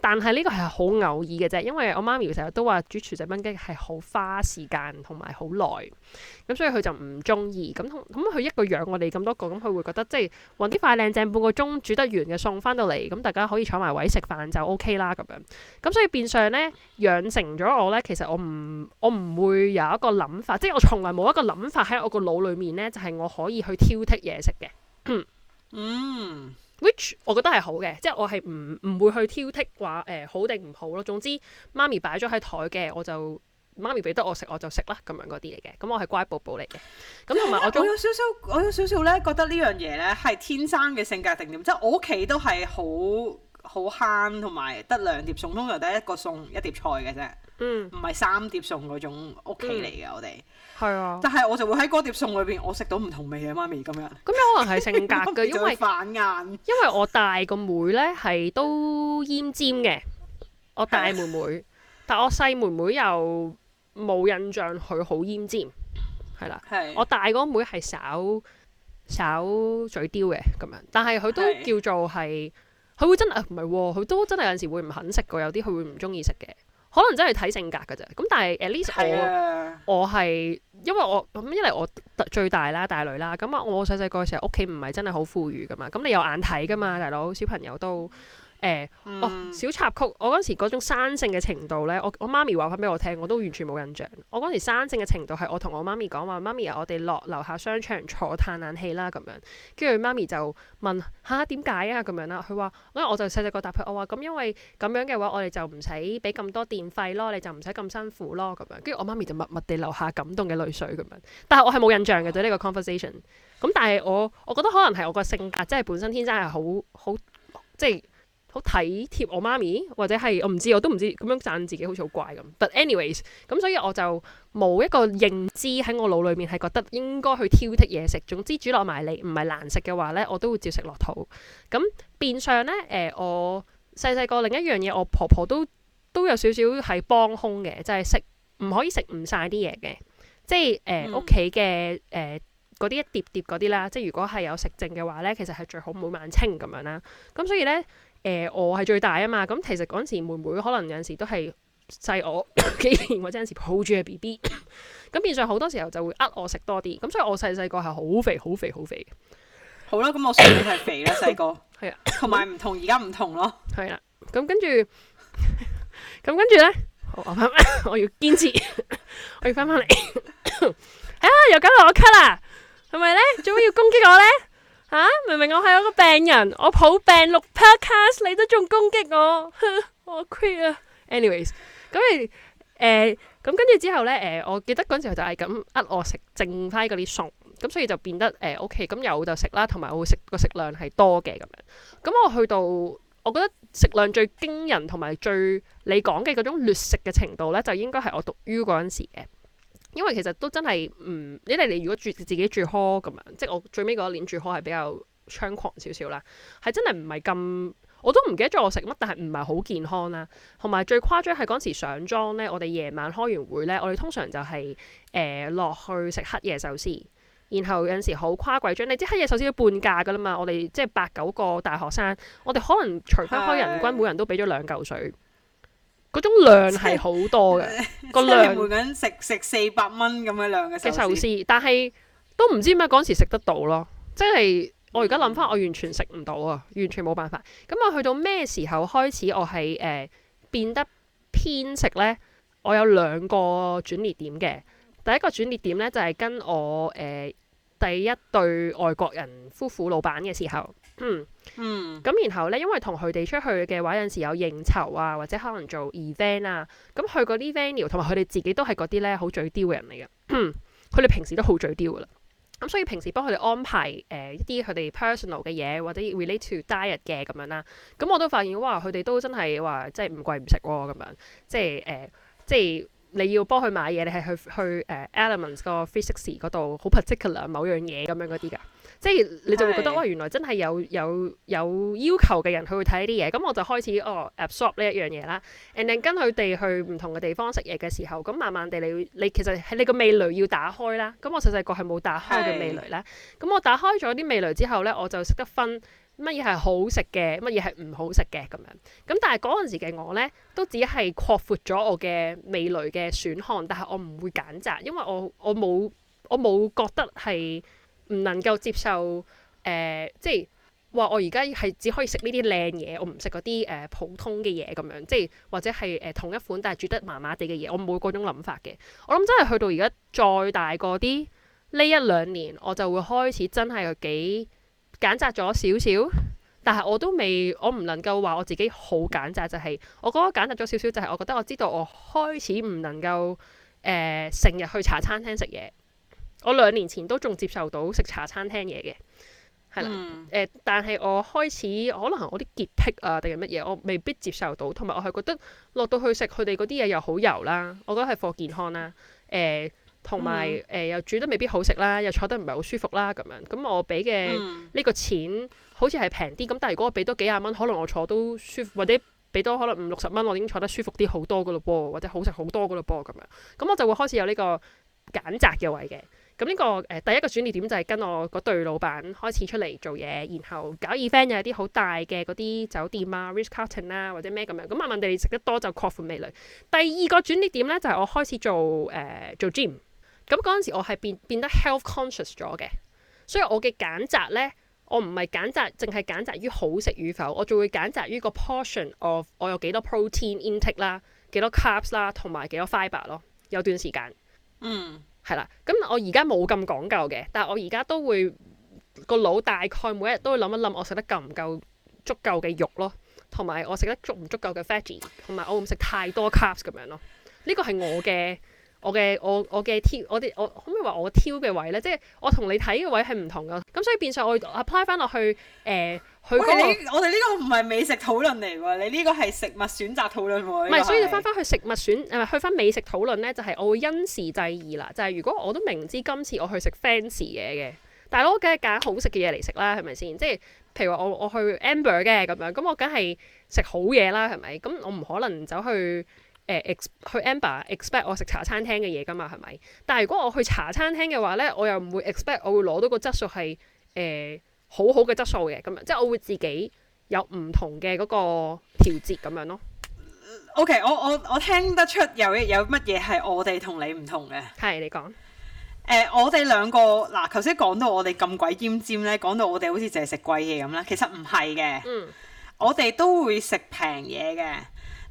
但係呢個係好偶爾嘅啫，因為我媽咪成日都話煮薯仔燜雞係好花時間同埋好耐，咁所以佢就唔中意。咁咁佢一個養我哋咁多個，咁佢會覺得即係揾啲快靚正半個鐘煮得完嘅餸翻到嚟，咁大家可以坐埋位食飯就 OK 啦咁樣。咁所以變相呢，養成咗我呢，其實我唔我唔會有一個諗法，即係我從來冇一個諗法喺我個腦裡面呢，就係我可以去挑剔嘢食嘅。 嗯。which 我覺得係好嘅，即係我係唔唔會去挑剔話誒、呃、好定唔好咯。總之媽咪擺咗喺枱嘅，我就媽咪俾得我食我就食啦咁樣嗰啲嚟嘅。咁我係乖寶寶嚟嘅。咁同埋我我有少少我有少少咧覺得呢樣嘢咧係天生嘅性格定點？即係我屋企都係好好慳，同埋得兩碟餸，通常得一個餸一碟菜嘅啫。嗯，唔係三碟餸嗰種屋企嚟嘅我哋們，係啊。但係我就會喺嗰碟餸裏邊，我食到唔同味嘅媽咪咁樣。咁有可能係性格嘅， 眼因為反眼。因為我大個妹咧係都奄尖嘅，我大妹妹。 但我細妹妹又冇印象佢好奄尖，係啦。係是。我大個妹係稍稍，稍稍嘴刁嘅咁樣，但係佢都叫做係，佢是會真係唔係喎？佢、啊、都、啊、真係有陣時會唔肯食嘅，有啲佢會唔中意食嘅。可能真係睇性格㗎啫，咁但係，At least 我、啊、我係因為我咁，因為我最大啦，大女啦，咁啊，我細細個嘅時候屋企唔係真係好富裕㗎嘛，咁你有眼睇㗎嘛，大佬，小朋友都。嗯。誒，我、欸嗯哦、小插曲，我嗰時嗰種生性嘅程度咧，我我媽咪話翻俾我聽，我都完全冇印象。我嗰時生性嘅程度係我同我媽咪講話，媽咪啊，我哋落樓下商場坐，嘆冷氣啦咁樣。跟住媽咪就問下點解啊？咁、啊、樣啦，佢話我就細細個答佢，我話咁，因為咁樣嘅話，我哋就唔使俾咁多電費咯，你就唔使咁辛苦咯。咁樣跟住我媽咪就默默地流下感動嘅淚水咁樣。但係我係冇印象嘅對呢個 conversation。咁、嗯、但係我我覺得可能係我個性格，即係本身天生係好好即係。好體貼我媽咪，或者係我唔知，我都唔知咁樣讚自己好似好怪咁。But anyways，咁所以我就冇一個認知喺我腦裏面係覺得應該去挑剔嘢食。總之煮落埋嚟唔係難食嘅話呢，我都會照食落肚。咁變相呢，誒、呃、我細細個另一樣嘢，我婆婆都都有少少係幫兇嘅，就係食唔可以食唔晒啲嘢嘅，即係誒屋企嘅誒嗰啲一碟碟嗰啲啦。即係如果係有食剩嘅話呢，其實係最好每晚清咁樣啦。咁所以呢。誒、呃，我係最大啊嘛，咁其實嗰陣時妹妹可能有陣時都係細我幾年，我 即有陣時抱住阿 B B，咁變相好多時候就會呃我食多啲，咁所以我細細個係好肥，好肥，好肥。好啦，咁我算你係肥啦，細個係啊， 同埋唔同而家唔同咯。係啦，咁跟住，咁跟住咧，我翻，我要堅持， 我要翻翻嚟。啊，又搞到我咳啦，係咪咧？做乜要攻擊我咧？啊！明明我係一個病人，我抱病錄 podcast，你都仲攻擊我， 我 quit 啦、啊。Anyways，咁嚟誒，咁、欸、跟住之後咧，誒、欸，我記得嗰陣時候就係咁，呃我食剩翻嗰啲餸，咁所以就變得誒、欸、ok，咁有就食啦，同埋我會食個食量係多嘅咁樣。咁我去到，我覺得食量最驚人同埋最你講嘅嗰種劣食嘅程度咧，就應該係我讀 U 嗰陣時嘅。因為其實都真係唔，因、嗯、哋你如果住自己住 hall 咁樣，即係我最尾嗰一年住 hall 係比較猖狂少少啦，係真係唔係咁，我都唔記得咗我食乜，但係唔係好健康啦。同埋最誇張係嗰時上莊咧，我哋夜晚開完會咧，我哋通常就係誒落去食黑夜壽司，然後有陣時好誇貴張，你知黑夜壽司都半價㗎啦嘛，我哋即係八九個大學生，我哋可能除翻開人均是每人都俾咗兩嚿水。嗰種量係好多嘅，是個量，真係食食四百蚊咁嘅量嘅壽，壽司。但係都唔知點解嗰時食得到咯，即係我而家諗翻，我完全食唔到啊，完全冇辦法。咁我去到咩時候開始我，我係誒變得偏食呢？我有兩個轉捩點嘅，第一個轉捩點呢，就係、是、跟我誒。呃第一對外國人夫婦老闆嘅時候，嗯，嗯，咁然後咧，因為同佢哋出去嘅話，有陣時有應酬啊，或者可能做 event 啊，咁去嗰啲 venue 同埋佢哋自己都係嗰啲咧好嘴刁嘅人嚟嘅，佢哋平時都好嘴刁噶啦，咁、嗯、所以平時幫佢哋安排誒、呃、一啲佢哋 personal 嘅嘢或者 relate to diet 嘅咁樣啦，咁、嗯、我都發現哇，佢哋都真係話即係唔貴唔食喎咁樣，即係誒、呃、即係。你要幫佢買嘢，你係去去誒、uh, Elements 個 physics 嗰度好 particular 某樣嘢咁樣嗰啲㗎，即係你就會覺得哇是、哎、原來真係有有有要求嘅人佢會睇啲嘢，咁我就開始哦 absorb 呢一樣嘢啦，and then 跟佢哋去唔同嘅地方食嘢嘅時候，咁慢慢地你你其實喺你個味蕾要打開啦，咁我細細個係冇打開嘅味蕾啦。咁是我打開咗啲味蕾之後咧，我就識得分。乜嘢係好食嘅，乜嘢係唔好食嘅咁樣。咁但係嗰陣時嘅我呢，都只係擴闊咗我嘅味蕾嘅選項，但係我唔會揀擇，因為我我冇我冇覺得係唔能夠接受、呃、即係話我而家係只可以食呢啲靚嘢，我唔食嗰啲誒普通嘅嘢咁樣，即係或者係誒、呃、同一款但係煮得麻麻地嘅嘢，我冇嗰種諗法嘅。我諗真係去到而家再大個啲，呢一兩年我就會開始真係幾揀擇咗少少，但係我都未，我唔能夠話我自己好揀擇，就係、是、我覺得揀擇咗少少，就係我覺得我知道我開始唔能夠誒成、呃、日去茶餐廳食嘢。我兩年前都仲接受到食茶餐廳嘢嘅，係啦，誒、嗯呃，但係我開始可能我啲潔癖啊定係乜嘢，我未必接受到，同埋我係覺得落到去食佢哋嗰啲嘢又好油啦，我覺得係課健康啦，誒、呃。同埋誒又煮得未必好食啦，又坐得唔係好舒服啦，咁樣咁我俾嘅呢個錢好似係平啲咁，但係如果我俾多幾廿蚊，可能我坐都舒服，或者俾多可能五六十蚊，我已經坐得舒服啲好多噶咯噃，或者好食好多噶咯噃，咁樣咁我就會開始有呢個揀擇嘅位嘅，咁呢個誒、呃、第一個轉捩點就係跟我嗰對老闆開始出嚟做嘢，然後搞 event 有啲好大嘅嗰啲酒店啊 Ritz Carlton 啦、啊、或者咩咁樣咁，問問地食得多就擴闊味蕾。第二個轉捩點咧就係、是、我開始做誒、呃、做 gym。咁嗰陣時我，我係變變得 health conscious 咗嘅，所以我嘅揀擇呢，我唔係揀擇，淨係揀擇於好食與否，我仲會揀擇於個 portion of 我有幾多 protein intake 啦，幾多 carbs 啦，同埋幾多 fiber 咯。有段時間，嗯，係啦。咁我而家冇咁講究嘅，但係我而家都會個腦大概每日都會諗一諗，我食得夠唔夠足夠嘅肉咯，同埋我食得足唔足夠嘅 fat 同埋我唔食太多 carbs 咁樣咯。呢個係我嘅。 我嘅我我嘅挑，我哋我可唔可以話我挑嘅位咧？即係我你同你睇嘅位係唔同嘅。咁所以變相我 apply 翻落去誒，佢、呃、嗰、那個我哋呢個唔係美食討論嚟喎，你呢個係食物選擇討論會。唔、這、係、個，所以你翻翻去食物選是是去翻美食討論咧，就係、是、我會因時制宜啦。就係、是、如果我都明知今次我去食 fancy 嘢嘅，大佬我梗係揀好食嘅嘢嚟食啦，係咪先？即係譬如話我我去 Amber 嘅咁樣，咁我梗係食好嘢啦，係咪？咁我唔可能走去。誒、呃、去 Amber expect 我食茶餐廳嘅嘢㗎嘛，係咪？但係如果我去茶餐廳嘅話呢，我又唔會 expect 我會攞到個質素係誒、呃、好好嘅質素嘅咁樣，即係我會自己有唔同嘅嗰個調節咁樣咯。OK，我我我聽得出有有乜嘢係我哋同你唔同嘅，係你講。誒，我哋兩個嗱，頭先講到我哋咁鬼奄尖呢，講到我哋好似淨係食貴嘢咁啦，其實唔係嘅。嗯、我哋都會食平嘢嘅。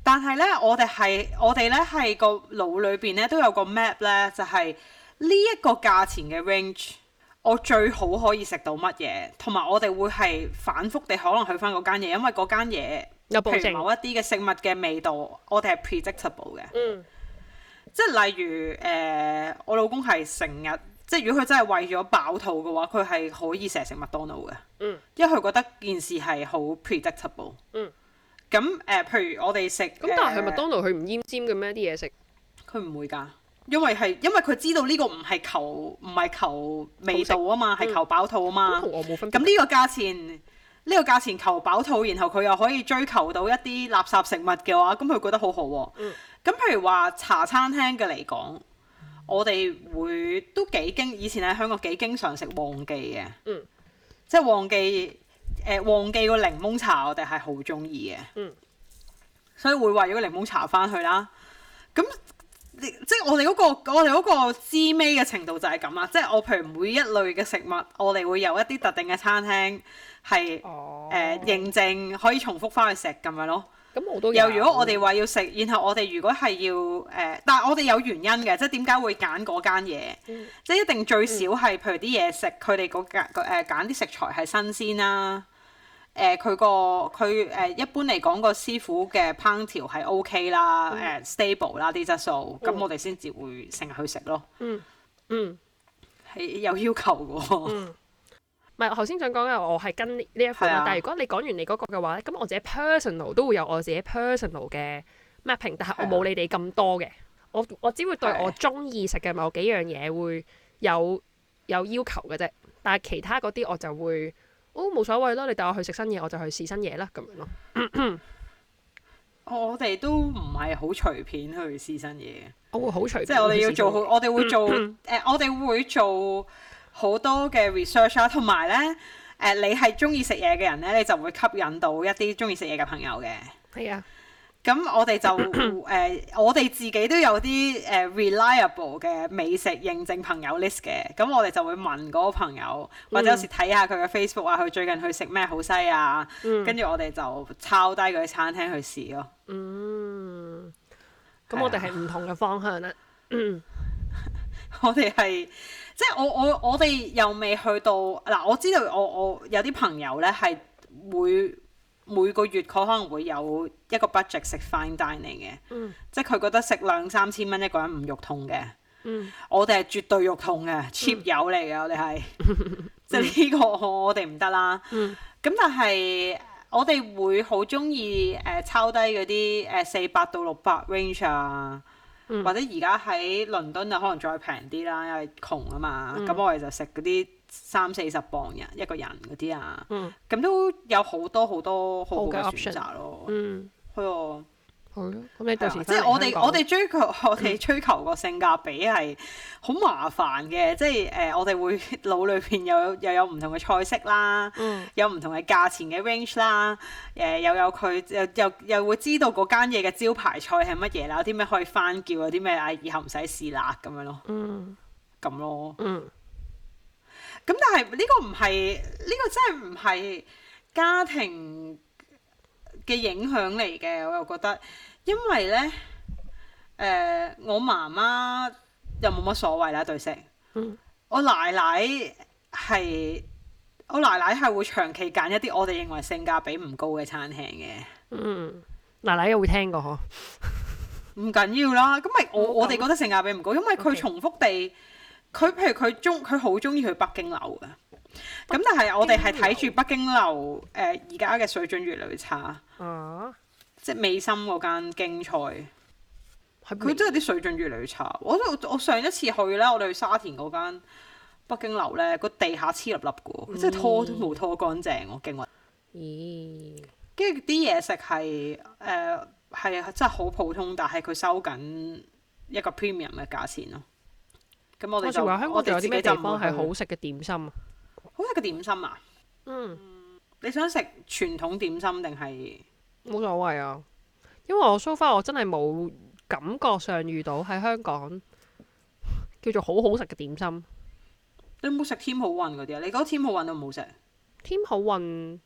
但係咧，我哋係我哋咧係個腦裏邊咧都有個 map 咧，就係呢一個價錢嘅 range，我最好可以食到乜嘢，同埋我哋會係反覆地可能去翻嗰間嘢，因為嗰間嘢譬如某一啲嘅食物嘅味道，我哋係 predictable 嘅。嗯、即係例如誒、呃，我老公係成日，即係如果佢真係為咗飽肚嘅話，佢係可以成日食麥當勞嘅。嗯、因為佢覺得件事係好 predictable。嗯咁誒、呃，譬如我哋食咁，呃、但係佢麥當勞沾沾，佢唔腌尖嘅咩啲嘢食？佢唔會㗎，因為係因為佢知道呢個唔係求唔係求味道啊嘛，係吃求飽肚啊嘛。咁呢、嗯、個價錢，呢、呢個價錢求飽肚，然後佢又可以追求到一啲垃圾食物嘅話，咁佢覺得好好啊。嗯。咁譬如話茶餐廳嘅嚟講，嗯、我哋會都幾經以前喺香港幾經常食旺記嘅。嗯、即係旺記。誒、呃、忘記個檸檬茶我，我哋係好中意嘅，所以會為咗檸檬茶翻去啦。咁即係我哋嗰、那個，我哋嗰個滋味嘅程度就係咁啦。即係我譬如每一類嘅食物，我哋會有一啲特定嘅餐廳係誒、哦呃、認證，可以重複翻去食咁樣咯。咁我都有又如果我哋話要食，然後我哋如果係要誒、呃，但係我哋有原因嘅，即係點解會揀嗰間嘢？嗯、即係一定最少係譬如啲嘢食，佢哋嗰間誒揀啲食材係新鮮啦。誒佢個佢誒一般嚟講個師傅嘅烹調係 OK 啦，誒 stable 啦啲質素，咁、嗯、我哋先至會成日去食咯。嗯嗯，係、嗯、有要求嘅。唔係我頭先想講嘅，我係跟呢一份啦。啊、但係如果你講完你嗰個嘅話咧，咁我自己 personal 都會有我自己 personal 嘅 mapping，但係我冇你哋咁多嘅。啊、我我只會對我中意食嘅某幾樣嘢會有有，有要求嘅啫，但係其他嗰啲我就會。都冇、哦、所謂咯，你帶我去食新嘢，我就去試新嘢啦，咁樣咯。我哋都唔係好隨便去試新嘢嘅，我好隨。即係我哋要做好， 我哋會做，誒、 呃，我哋會做好多嘅 research 啦。同埋咧，誒，你係中意食嘢嘅人咧，你就會吸引到一啲中意食嘢嘅朋友嘅。係啊。咁、嗯、我哋就誒， uh, 我哋自己都有啲誒 reliable 嘅美食認證朋友 list 嘅，咁我哋就會問嗰個朋友，或者有時睇下佢嘅 Facebook 啊，佢最近去食咩好西啊，跟住、嗯、我哋就抄低佢啲餐廳去試咯、啊。嗯，咁我哋係唔同嘅方向咧、uh。 我哋係即係我我我哋又未去到嗱、呃，我知道我我有啲朋友呢係會。每個月佢可能會有一個 budget 食 fine dining 嘅，嗯、即係佢覺得食兩三千蚊一個人唔肉痛嘅。嗯、我哋係絕對肉痛嘅 cheap 友嚟嘅，嗯、我哋係、嗯、即係呢個我哋唔得啦。咁、嗯、但係我哋會好中意誒抄低嗰啲誒四百到六百 range 啊，嗯、或者而家喺倫敦就可能再平啲啦，因為窮啊嘛。咁、嗯、我哋就食嗰啲。三四十磅人一個人嗰啲啊，咁、嗯、都有很多很多很好多好多好好嘅選擇咯。嗯，係喎喏，好咯。咁你到，到、啊、即係我哋港我哋追求我哋追求個性價比係好麻煩嘅，即係誒、呃、我哋會腦裏邊有又有唔同嘅菜式啦，嗯、有唔同嘅價錢嘅 range 啦，誒、呃、又有佢又又又會知道嗰間嘢嘅招牌菜係乜嘢啦，有啲咩可以翻叫，有啲咩啊以後唔使試辣咁樣咯。嗯，咁咯。嗯。咁但係呢、這個唔係呢個真係唔係家庭嘅影響嚟嘅，我又覺得，因為呢，誒、呃、我媽媽又冇乜所謂啦，對食、嗯，我奶奶係我奶奶係會長期揀一啲我哋認為性價比唔高嘅餐廳嘅。嗯。奶奶又會聽過？嗬。唔緊要啦，咁咪我我哋覺得性價比唔高，因為佢重複地。佢譬如佢中佢好中意去北京樓嘅，咁但係我哋係睇住北京樓誒而家嘅水準越嚟越差。啊、即係美心嗰間京菜，佢嗎真係啲水準越嚟越差。我我上一次去咧，我哋去沙田嗰間北京樓咧，個地下黐笠笠嘅，嗯、即係拖都冇拖乾淨，我驚核。跟住啲嘢食係誒係真係好普通，但係佢收緊一個 premium 嘅價錢咯。我哋話香港仲有啲咩地方係好食嘅點心，好食嘅點心啊！嗯，你想食傳統點心定係冇所謂啊？因為我 so far 我真係冇感覺上遇到喺香港叫做好好食嘅點心。你有冇食添好運嗰啲啊？你講添好運都唔好食。添好運，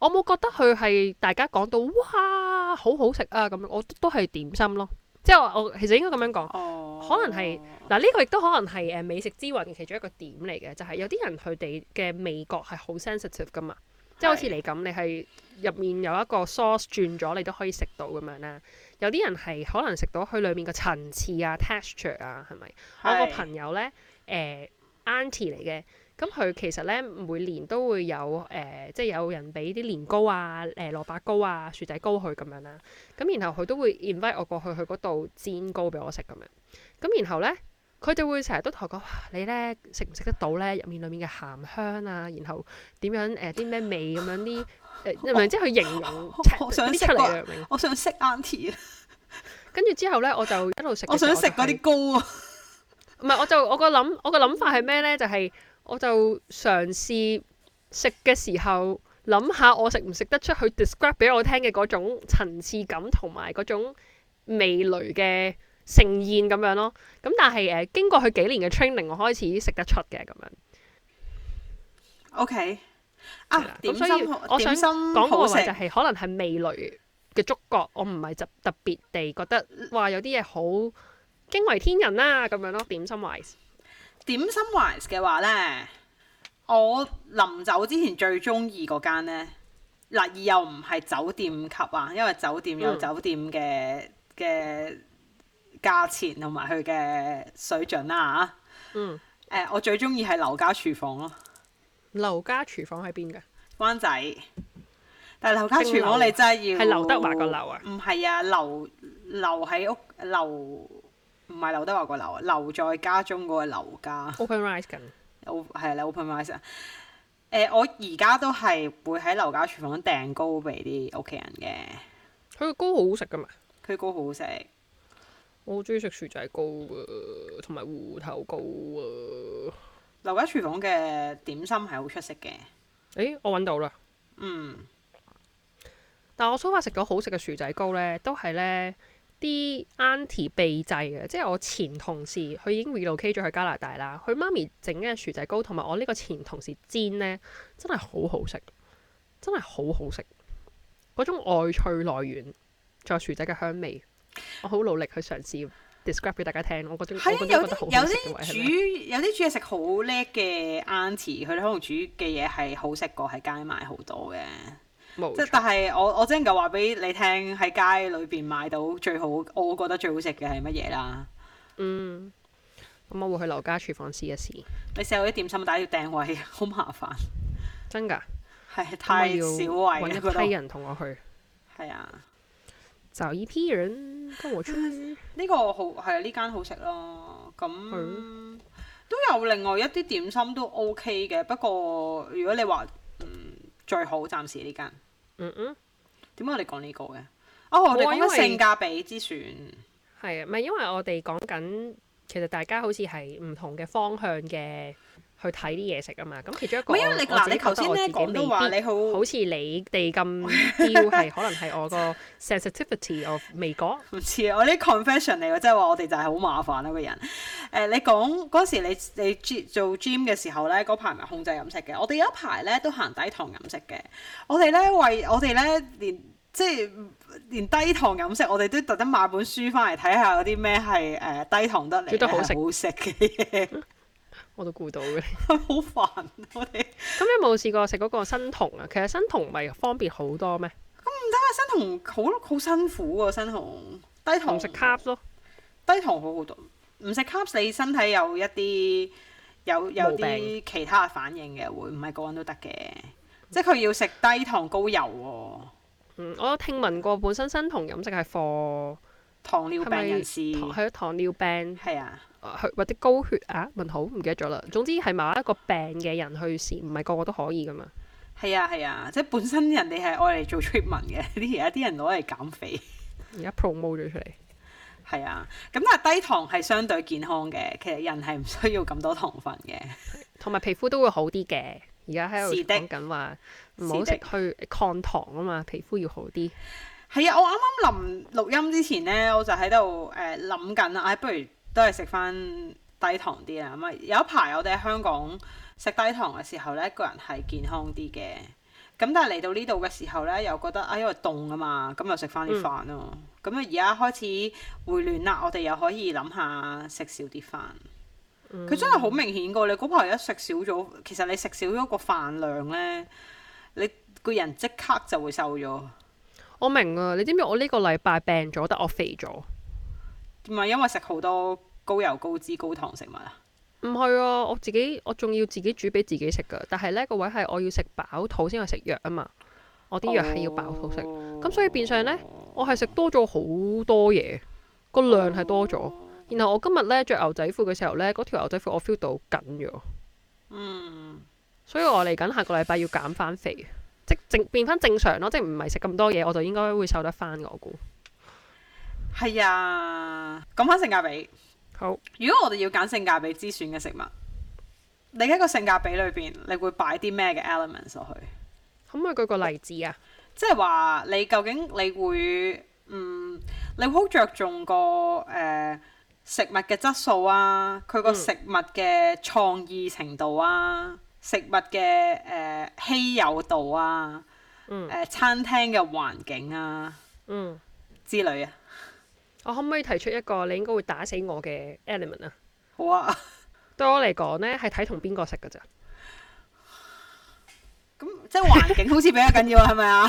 我冇覺得佢係大家講到哇好好食啊咁，我都都係點心咯。即係我，我其實應該咁樣講，oh. 可能係嗱，呢個亦都可能係誒美食之魂嘅其中一個點嚟嘅，就係、是、有啲人佢哋嘅味覺係好 sensitive 噶嘛，是即係好似你咁，你係入面有一個 sauce 轉咗，你都可以食到咁樣啦。有啲人係可能食到佢裡面嘅層次啊、texture 啊，係咪？是我個朋友咧，誒 Auntie 嚟嘅。咁佢、嗯、其實咧每年都會有誒、呃，即係有人俾啲年糕啊、誒、呃、蘿蔔糕啊、薯仔糕佢咁樣啦。咁然後佢都會 invite 我過去，去嗰度煎糕俾我食咁樣。咁然後咧，佢就會成日都同我講、啊：你咧食唔食得到咧入面裡面嘅鹹香啊？然後點樣誒啲咩味咁樣啲誒？唔係、呃我呃、即係形容，我想食，我想識啱啲。跟住之後咧，我就一路食、啊嗯。我想食嗰啲糕啊！唔係，我就我個諗我個諗法係咩咧？就係、是。我就嘗試食嘅時候，諗下我食唔食得出佢 describe 俾我聽嘅嗰種層次感同埋嗰種味蕾嘅盛宴咁樣咯。咁但係誒、呃，經過佢幾年嘅 training，我開始食得出嘅咁樣。O Okay . K 的啊，點所以點心我想講嘅話就係、是、可能係味蕾嘅觸覺，我唔係特別地覺得話有啲嘢好驚為天人啦、啊、咁樣咯。點心點心 wise 嘅話呢，我臨走之前最中意嗰間咧，嗱又唔係酒店級啊，因為酒店有酒店嘅嘅、嗯、價錢同埋佢嘅水準啦、啊、嚇、嗯啊。我最中意係留家廚房咯。留家廚房喺邊嘅？灣仔。但係留家廚房你真係要係劉德華個劉啊？唔係啊，留留喺屋留。唔係劉德華個劉，留在家中嗰個劉家。Open rice，梗係啦，Open rice 啊！誒、呃，我而家都係會喺劉家廚房訂糕俾啲屋企人嘅。佢個糕好好食噶嘛？佢個糕好好食。我好中意食薯仔糕啊，同埋芋頭糕啊。劉家廚房嘅點心係好出色嘅。誒、欸，我揾到啦。嗯。但我初初食到好食嘅薯仔糕呢，都係呢。啲 auntie 秘製嘅，即係我前同事，佢已經 relocate 咗去加拿大啦。佢媽咪整嘅薯仔糕，同埋我呢個前同事煎咧，真係好好食，真係好好食。嗰種外脆內軟，仲有薯仔嘅香味，我好努力去嘗試 describe 俾大家聽。我覺得係啊，有嗎有啲煮有啲煮嘢食好叻嘅 auntie，佢可能煮嘅嘢係好食過喺街買好多嘅。即係，但係我我只能夠話俾你聽喺街裏邊買到最好，我覺得最好食嘅係乜嘢啦？嗯，咁我會去劉家廚房試一試。你食嗰啲點心，但係要訂位，好麻煩。真噶的？係太少位，揾一批人同我去。係都啊，就一批人同我去。呢、嗯這個好係啊，呢間好食咯。咁、啊、都有另外一啲點心都 OK 嘅，不過如果你話嗯暫最好，暫時呢間。嗯嗯，點解我哋講呢個嘅？哦？我哋、啊、講性價比之選。係啊，唔係。因為我哋講緊，其實大家好似係唔同嘅方向嘅。去睇啲嘢食啊嘛，咁其中一個我，因為你頭先我覺得都話你好好似你哋咁標可能係我個 sensitivity of 味覺。唔似啊，我啲 confession 嚟喎，即係話我哋就係好麻煩啊個人。誒、呃，你講嗰時你你做 gym 嘅時候咧，嗰排咪控制飲食嘅。我哋有一排咧都行低糖飲食嘅。我哋咧為我哋咧連即係連低糖飲食，我哋都特登買本書翻嚟睇下嗰啲咩係誒低糖得嚟得好食嘅嘢。 我都估到嘅，好煩我哋。咁你有冇試過食嗰個生酮啊？其實生酮咪方便好多咩？咁唔得啊！生酮好好辛苦喎，生酮低糖食 c u p s 咯，低糖、嗯、好好多。唔食 c u p 你身體有一啲有有啲病其他反應嘅，會唔係個人都得嘅。即係佢要食低糖高油喎，哦。嗯，我都聽聞過本身生酮飲食係貨。糖尿病人士係啊，係咪糖尿病係啊，或者高血壓、啊、問好唔記得咗啦。總之係某一個病嘅人去試，唔係個個都可以噶嘛。係啊係啊，即係本身人哋係愛嚟做 Treatment 嘅，啲而家啲人攞嚟減肥，而家 promote 咗出嚟。係啊，咁但係低糖係相對健康嘅，其實人係唔需要咁多糖分嘅，同埋皮膚都會好啲嘅。而家喺度講緊話唔好食去抗糖啊嘛，皮膚要好啲。係啊，我啱啱臨錄音之前咧，我就喺度誒諗緊啊，唉不如都係食翻低糖啲啊咁啊！有一排我哋喺香港食低糖嘅時候咧，個人係健康啲嘅。咁但係嚟到呢度嘅時候咧，又覺得啊，因為凍啊嘛，咁又食翻啲飯囉。咁啊、嗯，而家開始回暖啦，我哋又可以諗下食少啲飯。佢、嗯、真係好明顯噶喎！你嗰排一食少咗，其實你食少咗個飯量咧，你個人即刻就會瘦咗。我明啊，你知唔知我呢個禮拜病咗，得我肥咗，唔係因為食好多高油、高脂、高糖食物啊？唔係啊，我自己我仲要自己煮俾自己食噶，但係呢、個位係我要食飽肚先去食藥啊嘛，我啲藥係要飽肚食，咁、oh. 所以變相呢，我係食多咗好多嘢，個量係多咗，oh. 然後我今日呢着牛仔褲嘅時候呢，嗰條牛仔褲我 feel 到緊咗，嗯，mm. 所以我嚟緊下個禮拜要減返肥。即正變翻正常咯，即唔係食咁多嘢，我就應該會瘦得翻。我估係啊，講翻性價比好。如果我哋要揀性價比之選嘅食物，你喺個性價比裏邊，你會擺啲咩嘅 element 落去？可唔可以舉個例子啊？即係話你究竟你會嗯，你好着重個誒、呃、食物嘅質素啊，佢個食物嘅創意程度啊？嗯食物嘅誒、呃、稀有度啊，誒、嗯呃、餐廳嘅環境啊，嗯、之類啊，我可唔可以提出一個你應該會打死我嘅 element 啊？好啊哇，對我嚟講呢，係睇同邊個食㗎咋？咁 即係環境好似比較緊要，係咪 啊？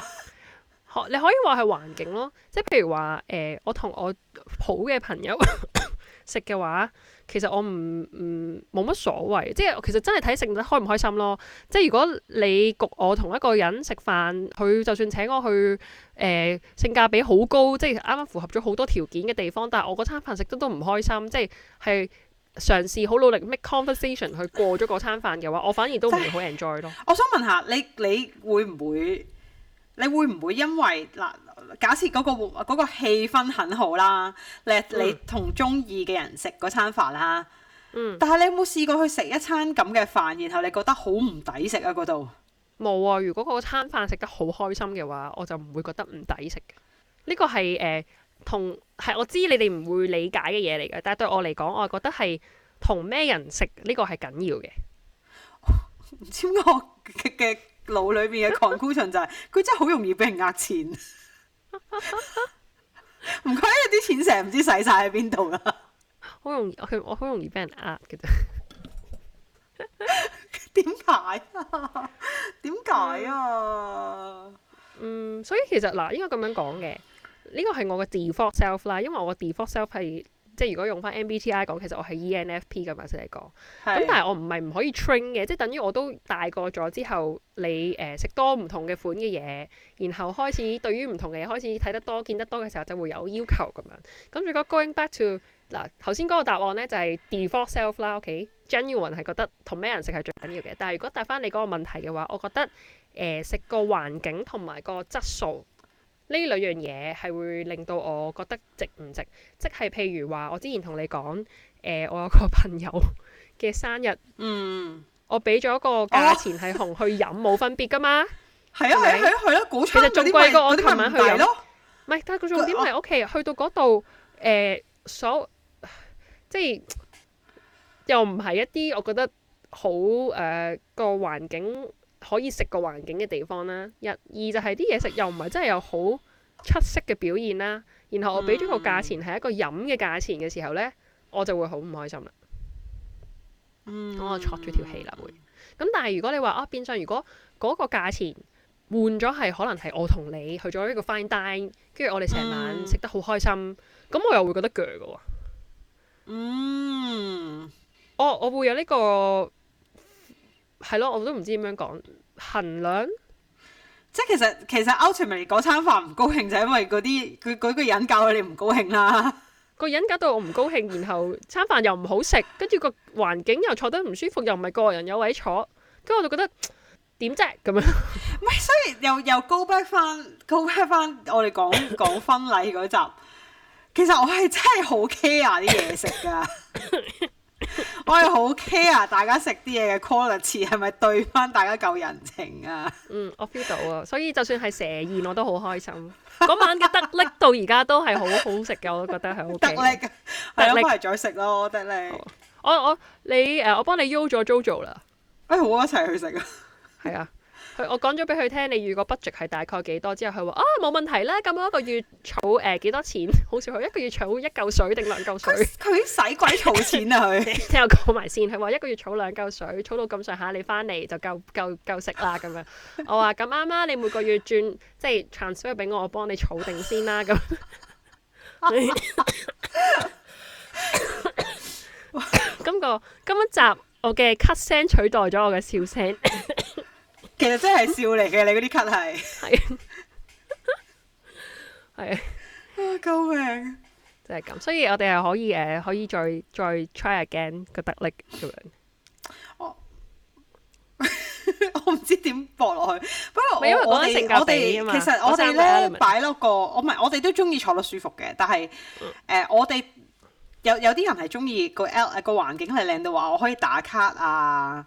你可以話係環境咯，即係譬如話誒、呃，我同我好嘅朋友。 食嘅話，其實我唔唔冇乜所謂，即係其實真係睇食得開唔開心咯。即係如果你焗我同一個人食飯，佢就算請我去，誒、呃、性價比好高，即係啱啱符合咗好多條件嘅地方，但係我個餐飯食得都唔開心，即係係嘗試好努力 make conversation 去過咗嗰餐飯嘅話，我反而都唔會好 enjoy 咯。 我想問下你，你會唔會？你會唔會因為嗱？假設嗰個嗰個氣氛很好啦，你你同中意嘅人食嗰餐飯啦，嗯，但係你有冇試過去食一餐咁嘅飯，然後你覺得好唔抵食啊？嗰度冇啊！如果嗰餐飯食得好開心嘅話，我就唔會覺得唔抵食嘅。呢個係誒同係我知你哋唔會理解嘅嘢嚟嘅，但係對我嚟講，我係覺得係同咩人食呢個係緊要嘅。唔知我嘅。腦裏面嘅 conclusion 就係、是、佢 真係好容易俾人呃錢，唔 怪得啲錢成日唔知使晒喺邊度啦。好 容易，我我好容易俾人呃嘅啫。點 解 排啊？點解啊？嗯，所以其實嗱，應該咁樣講嘅，呢個係我嘅 default self 啦，因為我嘅 default self 係。即係如果用翻 MBTI 講，其實我係 ENFP 㗎嘛，成個。咁是但係我唔係唔可以 train 嘅，即係等於我都大個咗之後，你誒、呃、食多唔同嘅款嘅嘢，然後開始對於唔同嘅嘢開始睇得多、見得多嘅時候就會有要求咁樣。咁如果 going back to 嗱頭先嗰個答案咧，就係、是、default self 啦。ok, genuine 係覺得同咩人食係最緊要嘅，但係如果答翻你嗰個問題嘅話，我覺得誒、呃、食個環境同埋個質素。呢兩樣嘢係會令到我覺得值唔值，即係譬如話，我之前同你講，誒、呃，我有個朋友嘅生日，嗯，我俾咗個價錢係同去飲冇分別噶嘛？係啊係啊係啊，啊啊其實仲貴過我琴晚去飲咯。唔係，但係個重點係 O K，去到嗰度誒所即係又唔係一啲我覺得好誒、呃、個環境。可以食個環境嘅地方啦，一二就係啲嘢食又唔係真係有好出色嘅表現啦。然後我俾咗個價錢係一個飲嘅價錢嘅時候呢，我就會好唔開心啦。咁、嗯、我挫咗條氣啦會。咁但係如果你話啊，變相如果嗰個價錢換咗係可能係我同你去咗一個 fine dine，跟住我哋成晚食得好開心，咁、嗯、我又會覺得鋸嘅喎。嗯，哦，oh, 我會有呢、這個。係咯，我都唔知點樣講衡量。即係其實其實歐垂明嗰餐飯唔高興就係因為嗰啲，佢佢個人搞到你唔高興啦。個人搞到我唔高興，然後餐飯又唔好食，跟住個環境又坐得唔舒服，又唔係個人有位坐，跟住我就覺得點啫咁樣。唔 係，所以又又 go back 翻, go back 翻我哋講講婚禮嗰集。 其實我係真係好 care 啲嘢食噶。 我係好 care 大家食啲嘢嘅 quality 係咪對翻大家夠人情啊？嗯，我 feel 到啊，所以就算係蛇宴我都好開心。嗰晚嘅得力到而家都係好好食嘅，我都覺得係好、okay、得力，係咁嚟，再食咯。我覺得力，我我你誒，我幫你邀咗 JoJo 啦。Jo jo 哎，我一齊去食 啊！係啊。佢我講咗俾佢聽，你預個 budget 係大概幾多之後，佢話啊冇問題啦，咁樣一個月儲誒幾多錢？好少佢一個月儲一嚿水定兩嚿水？佢使鬼儲錢啊！佢 聽我講埋先，佢話 一個月儲兩嚿水，儲到咁上下，你翻嚟就夠夠夠食啦咁樣。 我話咁啱啱你每個月轉即係 transfer 俾我，我幫你儲定先啦咁。今個今一集我嘅咳聲取代咗我嘅笑聲。咳嗣其實真係笑嚟嘅， 你嗰啲咳係係係啊！救命！真係咁，所以我哋係可以誒，可以再再 try again 個得力咁樣。 我我唔知點駁落去，不過我因為因為我哋我哋其實我哋咧擺落個，我唔係我哋都中意坐到舒服嘅，但係誒、嗯呃、我哋有有啲人係中意個 L 個環境係靚到話我可以打卡啊。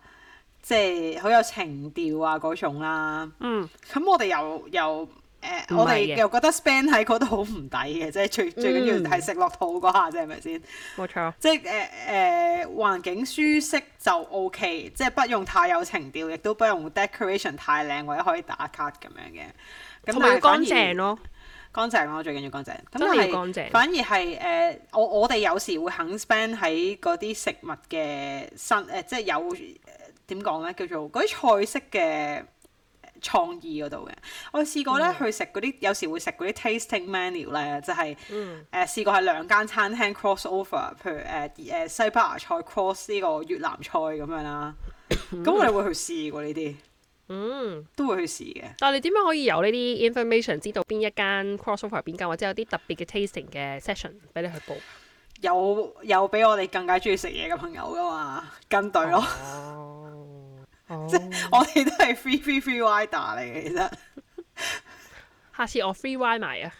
即係好有情調啊嗰種啦，嗯，咁我哋又又誒，呃、我哋又覺得 spend 喺嗰度好唔抵嘅，即係最、嗯、最緊要係食落肚嗰下，即係咪先？冇錯，即係誒誒環境舒適就 OK，即係不用太有情調，亦都不用 decoration 太靚或者可以打卡咁樣嘅。咁但係反而乾淨咯，乾淨咯，最緊要，就係，要乾淨。真係乾淨。反而係誒、呃，我我哋有時會肯 spend 喺嗰啲食物嘅新誒，即係有。點講呢？叫做嗰啲菜式嘅創意嗰度嘅。我試過呢，嗯、去食嗰啲，有時會食嗰啲 tasting menu 呢、就係，就係誒試過係兩間餐廳 cross over，譬如誒西班牙菜 cross 呢個越南菜咁樣啦，咁、嗯、我哋會去試過呢啲，嗯，都會去試嘅。但係你點樣可以由呢啲 information 知道邊一間 cross over 邊間，或者有啲特別嘅 tasting 嘅 session 俾你去報？有有俾我哋更加中意食嘢嘅朋友㗎嘛，跟隊咯、嗯。 Oh. 即我哋都係 free free free rider 嚟嘅，其實。 下次我 free ride 埋啊！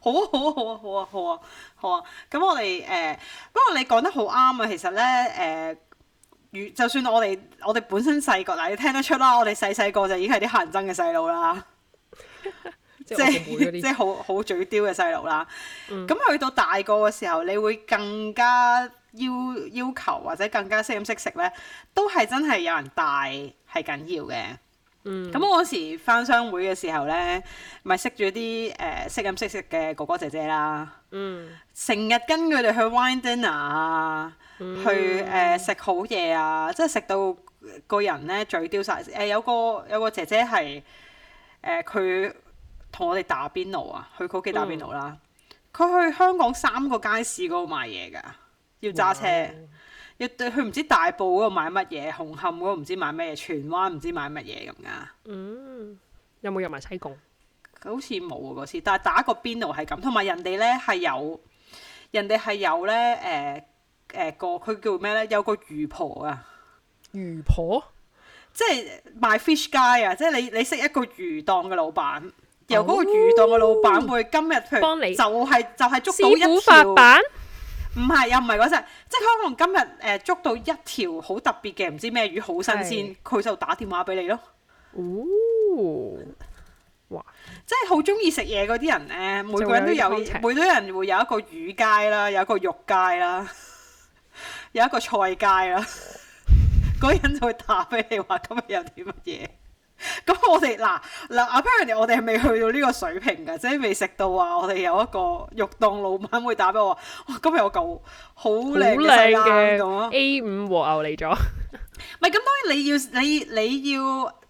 好啊好啊好啊好啊好啊好啊！咁、啊啊、我哋誒、呃，不過你講得好啱啊！其實咧誒，越、呃、就算我哋我哋本身細個嗱，你聽得出啦，我哋細細個就已經係啲閒憎嘅細路啦。即係即係好好嘴刁嘅細路啦。咁去到大個嘅時候，你會更加。要要求或者更加識飲識食咧，都係真係有人帶係緊要嘅。咁、嗯、我嗰時返商會嘅時候咧，咪識咗啲誒識飲識食嘅哥哥姐姐啦。成日、嗯、跟佢哋去 wine dinner 啊、嗯，去誒食、呃、好嘢啊，即係食到個人咧嘴刁晒。誒、呃、有個有個姐姐係誒佢同我哋打邊爐啊，去佢屋企打邊爐啦。佢、嗯、去香港三個街市嗰度賣嘢㗎。要揸車，哇要對佢唔知大埔嗰度買乜嘢，紅磡嗰度唔知買咩嘢，荃灣唔知買乜嘢咁㗎。嗯，有冇入埋西貢？好似冇啊，嗰次，但係打個邊爐係咁，同埋人哋咧係有，人哋係有咧，誒誒個佢叫咩咧？有個魚婆啊，魚婆，即係賣 fish 街啊！即係你你識一個魚檔嘅老闆，有、哦、個魚檔嘅老闆會今日幫你，就係、是、就係、是、捉到一條法。唔係又唔係嗰陣，即係可能今日誒、呃、捉到一條好特別嘅唔知咩魚，好新鮮，佢是就打電話俾你咯。哦，哇！即係好中意食嘢嗰啲人咧，每個人都有，有個每個人會有一個魚街啦，有一個肉街啦，有一個菜街啦，嗰 人就會打俾你話今日有啲乜嘢。咁我哋嗱嗱，apparently 我哋係未去到呢個水平嘅，即係未食到啊！我哋有一個肉檔老闆會打俾我哇，今日有嚿好靚嘅 A 五和牛嚟咗。唔係，咁當然你要你你要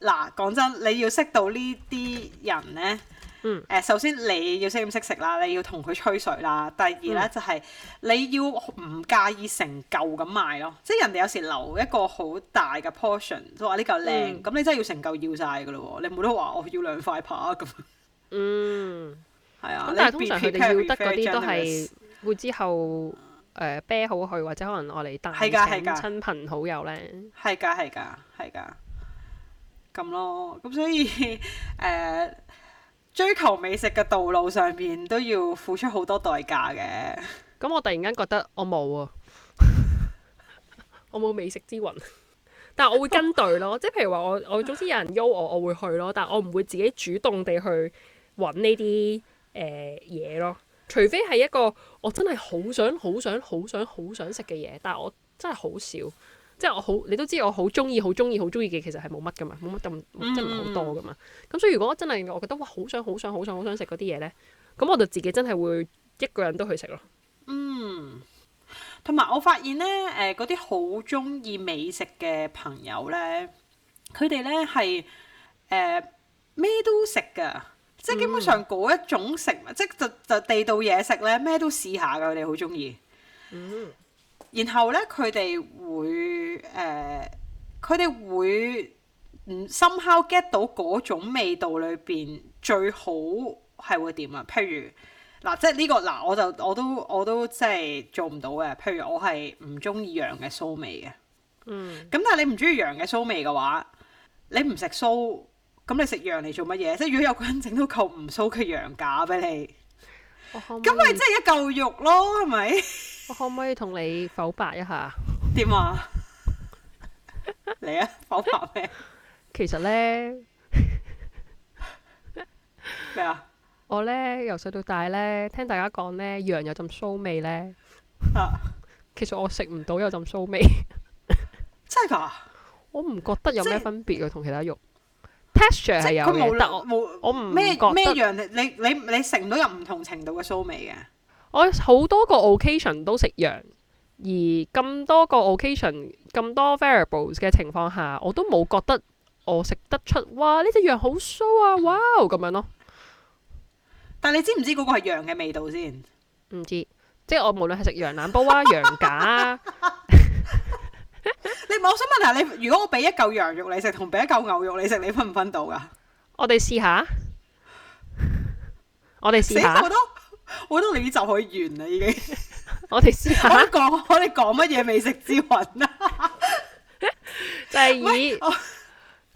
嗱，講真，你要、啊、你要識到呢啲人咧。嗯，誒首先你要識唔識食啦，你要同佢吹水啦。第二咧就係你要唔介意成嚿咁賣咯，即係人哋有時留一個好大嘅 portion，都話呢嚿靚，咁你真係要成嚿要曬㗎咯。你冇得話我要兩塊扒咁。嗯，係啊。咁但係通常佢哋要得啲都係會之後誒啤好去，或者可能我嚟帶請親朋好友咧。係㗎，係㗎，係㗎。咁咯，咁所以誒。追求美食嘅道路上面都要付出好多代價嘅。咁我突然間覺得我冇啊，我冇 美食之魂。 但係我會跟隊咯，即係譬如話我我總之有人邀我，我會去咯。但係我唔會自己主動地去揾呢啲誒嘢咯，除非係一個我真係好想、好想、好想、好想食嘅嘢。但係我真係好少。即係我好，你都知我好中意、好中意、好中意嘅，其實係冇乜噶嘛，冇乜咁真唔係好多噶嘛。咁、嗯、所以如果真係我覺得哇，好想、好想、好想、好想食嗰啲嘢咧，咁我就自己真係會一個人都去食咯。嗯，同埋我發現咧，誒嗰啲好中意美食嘅朋友咧，佢哋咧係誒咩都食噶，即係基本上嗰一種食物，嗯、即就就地道嘢食咧，咩都試下噶，佢哋好中意。嗯，然後咧佢哋會。誒，佢哋、呃、會唔深刻 get 到嗰種味道裏邊最好係會點啊？譬如嗱，即係、這、呢個嗱，我就我都我都即係做唔到嘅。譬如我係唔中意羊嘅羶味嘅，嗯。咁但係你唔中意羊嘅羶味嘅話，你唔食羶，咁你食羊嚟做乜嘢？即係如果有個人整到夠唔羶嘅羊架俾你，咁咪即係一嚿肉咯，係咪？我可唔可以同你剖白一下？點啊？嚟啊，方法咩？其實咧咩啊？ 麼我咧由細到大咧，聽大家講咧羊有陣騷味咧 其實我食唔到有陣騷味， 真係噶？我唔覺得有咩分別噶，同其他肉。Texture 係有佢冇我咩咩麼羊你你你食唔到有唔同程度嘅騷味嘅？我好多個 occasion 都食羊。而咁多個 occasion、咁多 variables 嘅情況下，我都冇覺得我食得出哇！呢隻羊好酥啊！哇咁樣咯。但係你知唔知嗰個係羊嘅味道先？唔知，即係我無論係食羊腩煲啊、羊架啊，你唔我想問下你，如果我俾一嚿羊肉你食，同俾一嚿牛肉你食，你分唔分到㗎？我哋試下， 我哋試下。我覺得，我覺得，你就可以完啦已經。 我哋試下講，我哋講乜嘢美食之魂啦，啊？就 係 以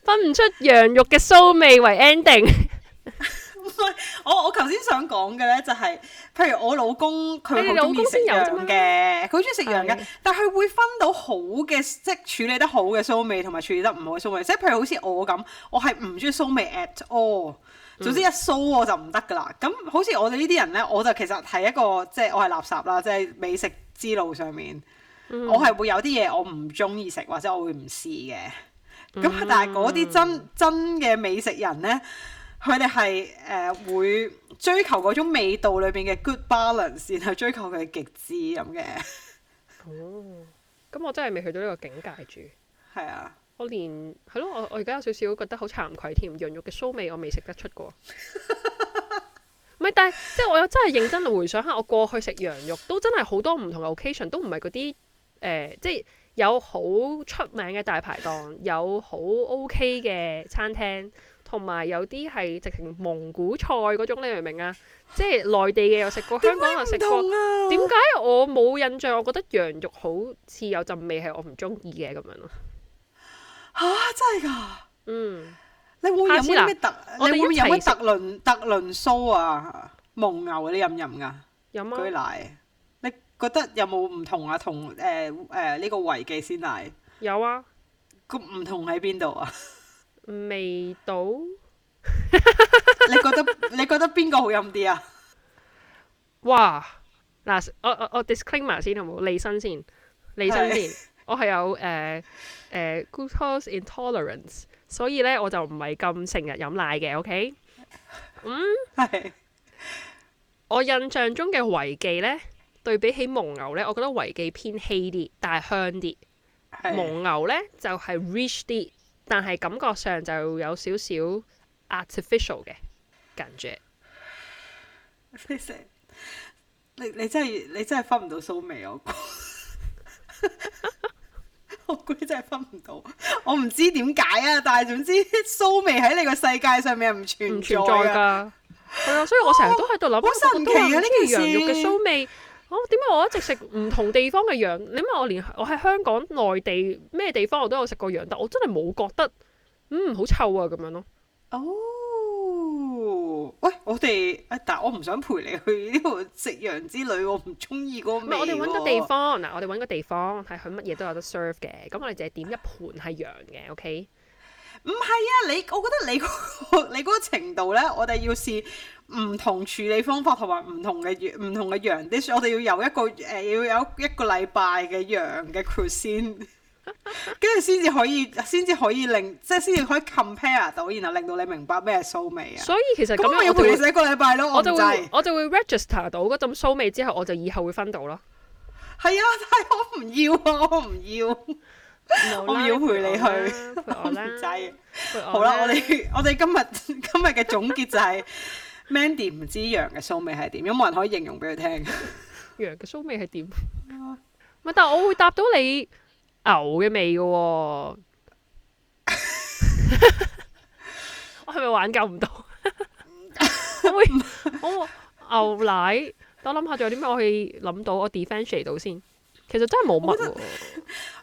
分唔出羊肉嘅臊味為 ending 我。我我頭先想講嘅咧，就係譬如我老公，佢好中意食羊嘅，佢好中意食羊嘅，的但佢會分到好嘅，即係處理得好嘅臊味，同埋處理得唔好嘅臊味。即係譬如好似我咁，我係唔中意臊味 at all。總之一騷我就唔得㗎喇，咁好似我哋呢啲人呢，我就其實係一個即係我係垃圾啦，即係美食之路上面，mm hmm. 我係會有啲嘢我唔中意食或者我會唔試嘅。咁、mm hmm. 但係嗰啲真真嘅美食人呢，佢哋係誒會追求嗰種味道裏面嘅 good balance，然後追求佢嘅極致咁嘅。 哦，咁我真係未去到呢個境界住。係啊。我連係咯，我我而家有少少覺得好慚愧添。羊肉嘅羶味我未食得出過，唔係， 但係即係我真係認真回想下，我過去食羊肉都真係好多唔同嘅 location，都唔係嗰啲誒，即係有好出名嘅大排檔，有好 OK 嘅餐廳，同埋有啲係直情蒙古菜嗰種。你明唔明啊？即係內地嘅又食過，香港又食過，點解、啊、我冇印象？我覺得羊肉好似有陣味係我唔中意嘅咁樣咯。吓，真係噶，嗯，你會飲咩特？你會飲咩特侖特侖蘇啊，蒙牛啲飲唔飲噶？飲啊！奶你覺得有冇唔同啊？同誒誒呢個維記鮮奶有啊？個唔同喺邊度啊？味道，你覺得你覺得邊個好飲啲啊？哇嗱，我我我 disclaimer 先好唔好？利申先，利申先，我係有誒。誒乳糖不耐，所以咧我就唔係咁成日飲奶嘅，OK？嗯，係。我印象中嘅維記咧，對比起蒙牛咧，我覺得維記偏稀啲，但係香啲。蒙牛咧就係 rich 啲，但係感覺上就有少少 artificial 嘅感覺。artificial？你你，真係你真係分唔到酥味我。我嗰真係分唔到，我唔知點解啊！但係總之，臊味喺你個世界上面唔存唔存在㗎。係啊 所以我成日都喺度諗，好、哦、神奇啊！呢個羊肉嘅臊味，我點解我一直食唔同地方嘅羊？你問 我，連我喺香港、內地咩地方我都有食過羊，但我真係冇覺得，嗯，好臭啊咁樣咯。哦。喂，我哋，但係我唔想陪你去呢度食羊之旅。我唔中意嗰味。唔係，我哋揾個地方，嗱，我哋揾個地方，係佢乜嘢都有得 serve 嘅，咁我哋淨係點一盤係羊嘅，OK？唔係啊，你，我覺得你嗰、那個，你嗰個程度咧，我哋要試唔同處理方法同埋唔同嘅羊，唔同嘅羊 dish 我哋要由一個誒、呃，要有一個禮拜嘅羊嘅 course 先。跟住先至可以，先至可以令，即係先至可以 compare 到，然後令到你明白咩係騷味啊！所以其實咁我要陪你洗個禮拜咯，我就會我就會 register 到嗰種騷味之後，我就以後會分到咯。係 啊，但係我唔要啊，我唔要。我要陪你去，我唔制啦，唔制啦，好啦，我哋我哋今日今日嘅總結就係、是、 Mandy 唔知羊嘅騷味係點，有冇人可以形容俾佢聽？羊嘅騷味係點？唔係， 但係我會答到你。牛嘅味㗎喎、啊， 我係咪挽救唔到？我會我牛奶，等我諗下仲有啲咩我可以諗到，我 defence 嚟到先。其實真係冇乜，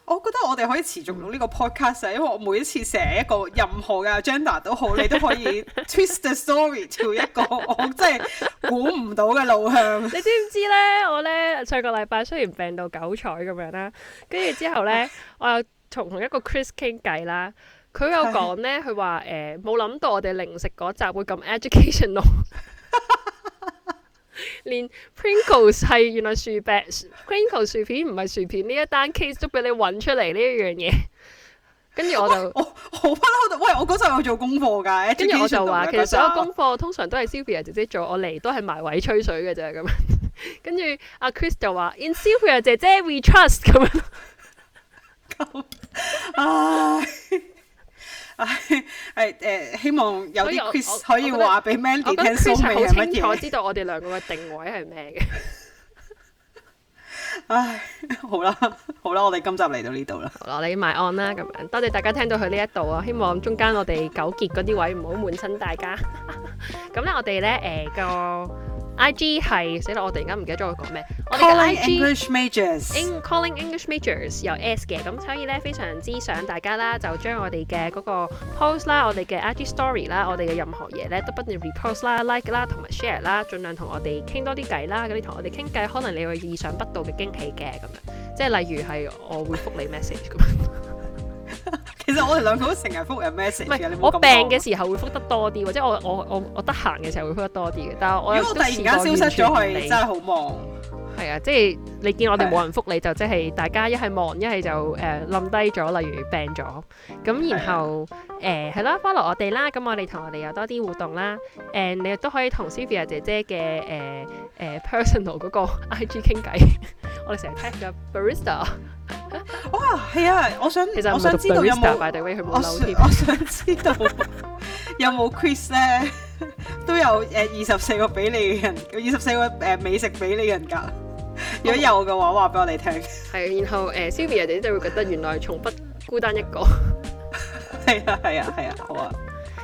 我覺得我哋可以持續用呢個 podcast，、嗯、因為我每一次寫一個任何嘅 genre 都好，你都可以 twist the story to 一個我真係估唔到嘅路向。 你知唔知呢？我呢，上個禮拜雖然病到九彩咁樣啦，跟住之後呢， 我又從同一個 Chris 傾計啦，佢有講呢，佢話誒冇諗到我哋零食嗰集會咁 educational 連 Pringles 係原來 薯片，Pringles 薯片唔係薯片呢一單 case 都俾你揾出嚟呢一樣嘢，跟住我就我我不嬲喂，我嗰陣有做功課噶，跟住我就話其實所有功課通常都係 Sylvia 姐姐做，我嚟都係埋位吹水嘅啫咁，跟住阿、啊、Chris 就話 In Sylvia 姐姐，we trust 咁樣，唉，誒誒，希望有啲 piece 可以話俾 Mandy 聽，收尾係乜嘢？我覺得蘇齊好清楚知道我哋兩個嘅定位係咩嘅。唉，好啦，好啦，我哋今集嚟到呢度啦。好啦，你埋案啦，咁樣多謝大家聽到佢呢一度啊！希望中間我哋糾結嗰啲位唔好滿親大家。咁咧，我哋咧誒個。I G 係死啦！我突然間唔記得咗我講咩。Calling 我哋的嘅 I G English majors，英 Calling English majors 有 S 嘅，咁所以咧非常之想大家啦，就將我哋嘅嗰個 post 啦，我哋嘅 I G story 啦，我哋嘅任何嘢咧，都不斷 repost 啦、like 啦、同埋 share 啦，盡量同我哋傾多啲偈啦，嗰啲同我哋傾偈，可能你會意想不到嘅驚喜嘅，咁樣，即係例如係我會覆你 message 咁樣。 其實我哋兩個都成日復緊 message 我病嘅時候會復得多啲，或者我我我我得閒嘅時候會復得多啲嘅。但如果我突然間消失咗去， 你真係好忙。係啊，即係你見我哋冇人復你就，就即係大家一係忙，一係就誒冧低咗，例如病咗。咁然後誒係咯，follow 我哋啦。咁我哋同我哋有多啲互動啦。誒、呃，你都可以同 Sylvia 姐姐嘅誒。呃誒、呃、personal 嗰個 IG 傾偈， 我哋成日聽嘅 barista， 哇，係啊，我想，其實我想知道有冇，我想我想知道有冇 Chris 咧 呢， 都有誒二十四個俾你嘅人，二十四個誒、呃、美食俾你嘅人噶， 如果有嘅話，話俾我哋聽。係、 啊，然後誒、呃、Sylvia 哋都會覺得原來從不孤單一個 ，係 啊，係啊，係啊，啊，好啊。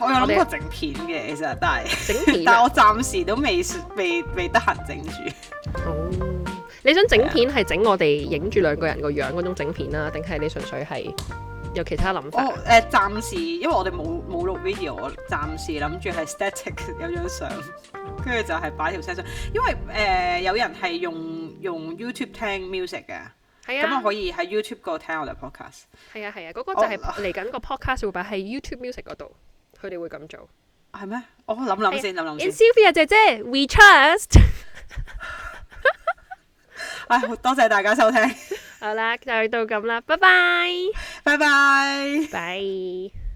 我有諗過整片嘅，其實但係整片，但係我暫時都未未未得閒整住。哦，oh。你想整片係整我哋影住兩個人個樣嗰種整片啦，定係 Yeah. 你純粹係有其他諗法？哦、oh，呃，誒，暫時因為我哋冇冇錄 video，我暫時諗住係 static 有張相，跟住就係擺條相。因為誒、呃、有人係用用 YouTube 聽 music 嘅，係啊，咁我可以喺 YouTube 度聽我哋 podcast。係啊係啊，嗰個就係嚟緊個 podcast 會擺喺 YouTube music 嗰度。佢哋會咁做，係咩？我諗諗先，諗諗先。In Sylvia 姐姐，we trust。唉，多謝大家收聽。好啦，就到咁啦，拜拜，拜拜，拜。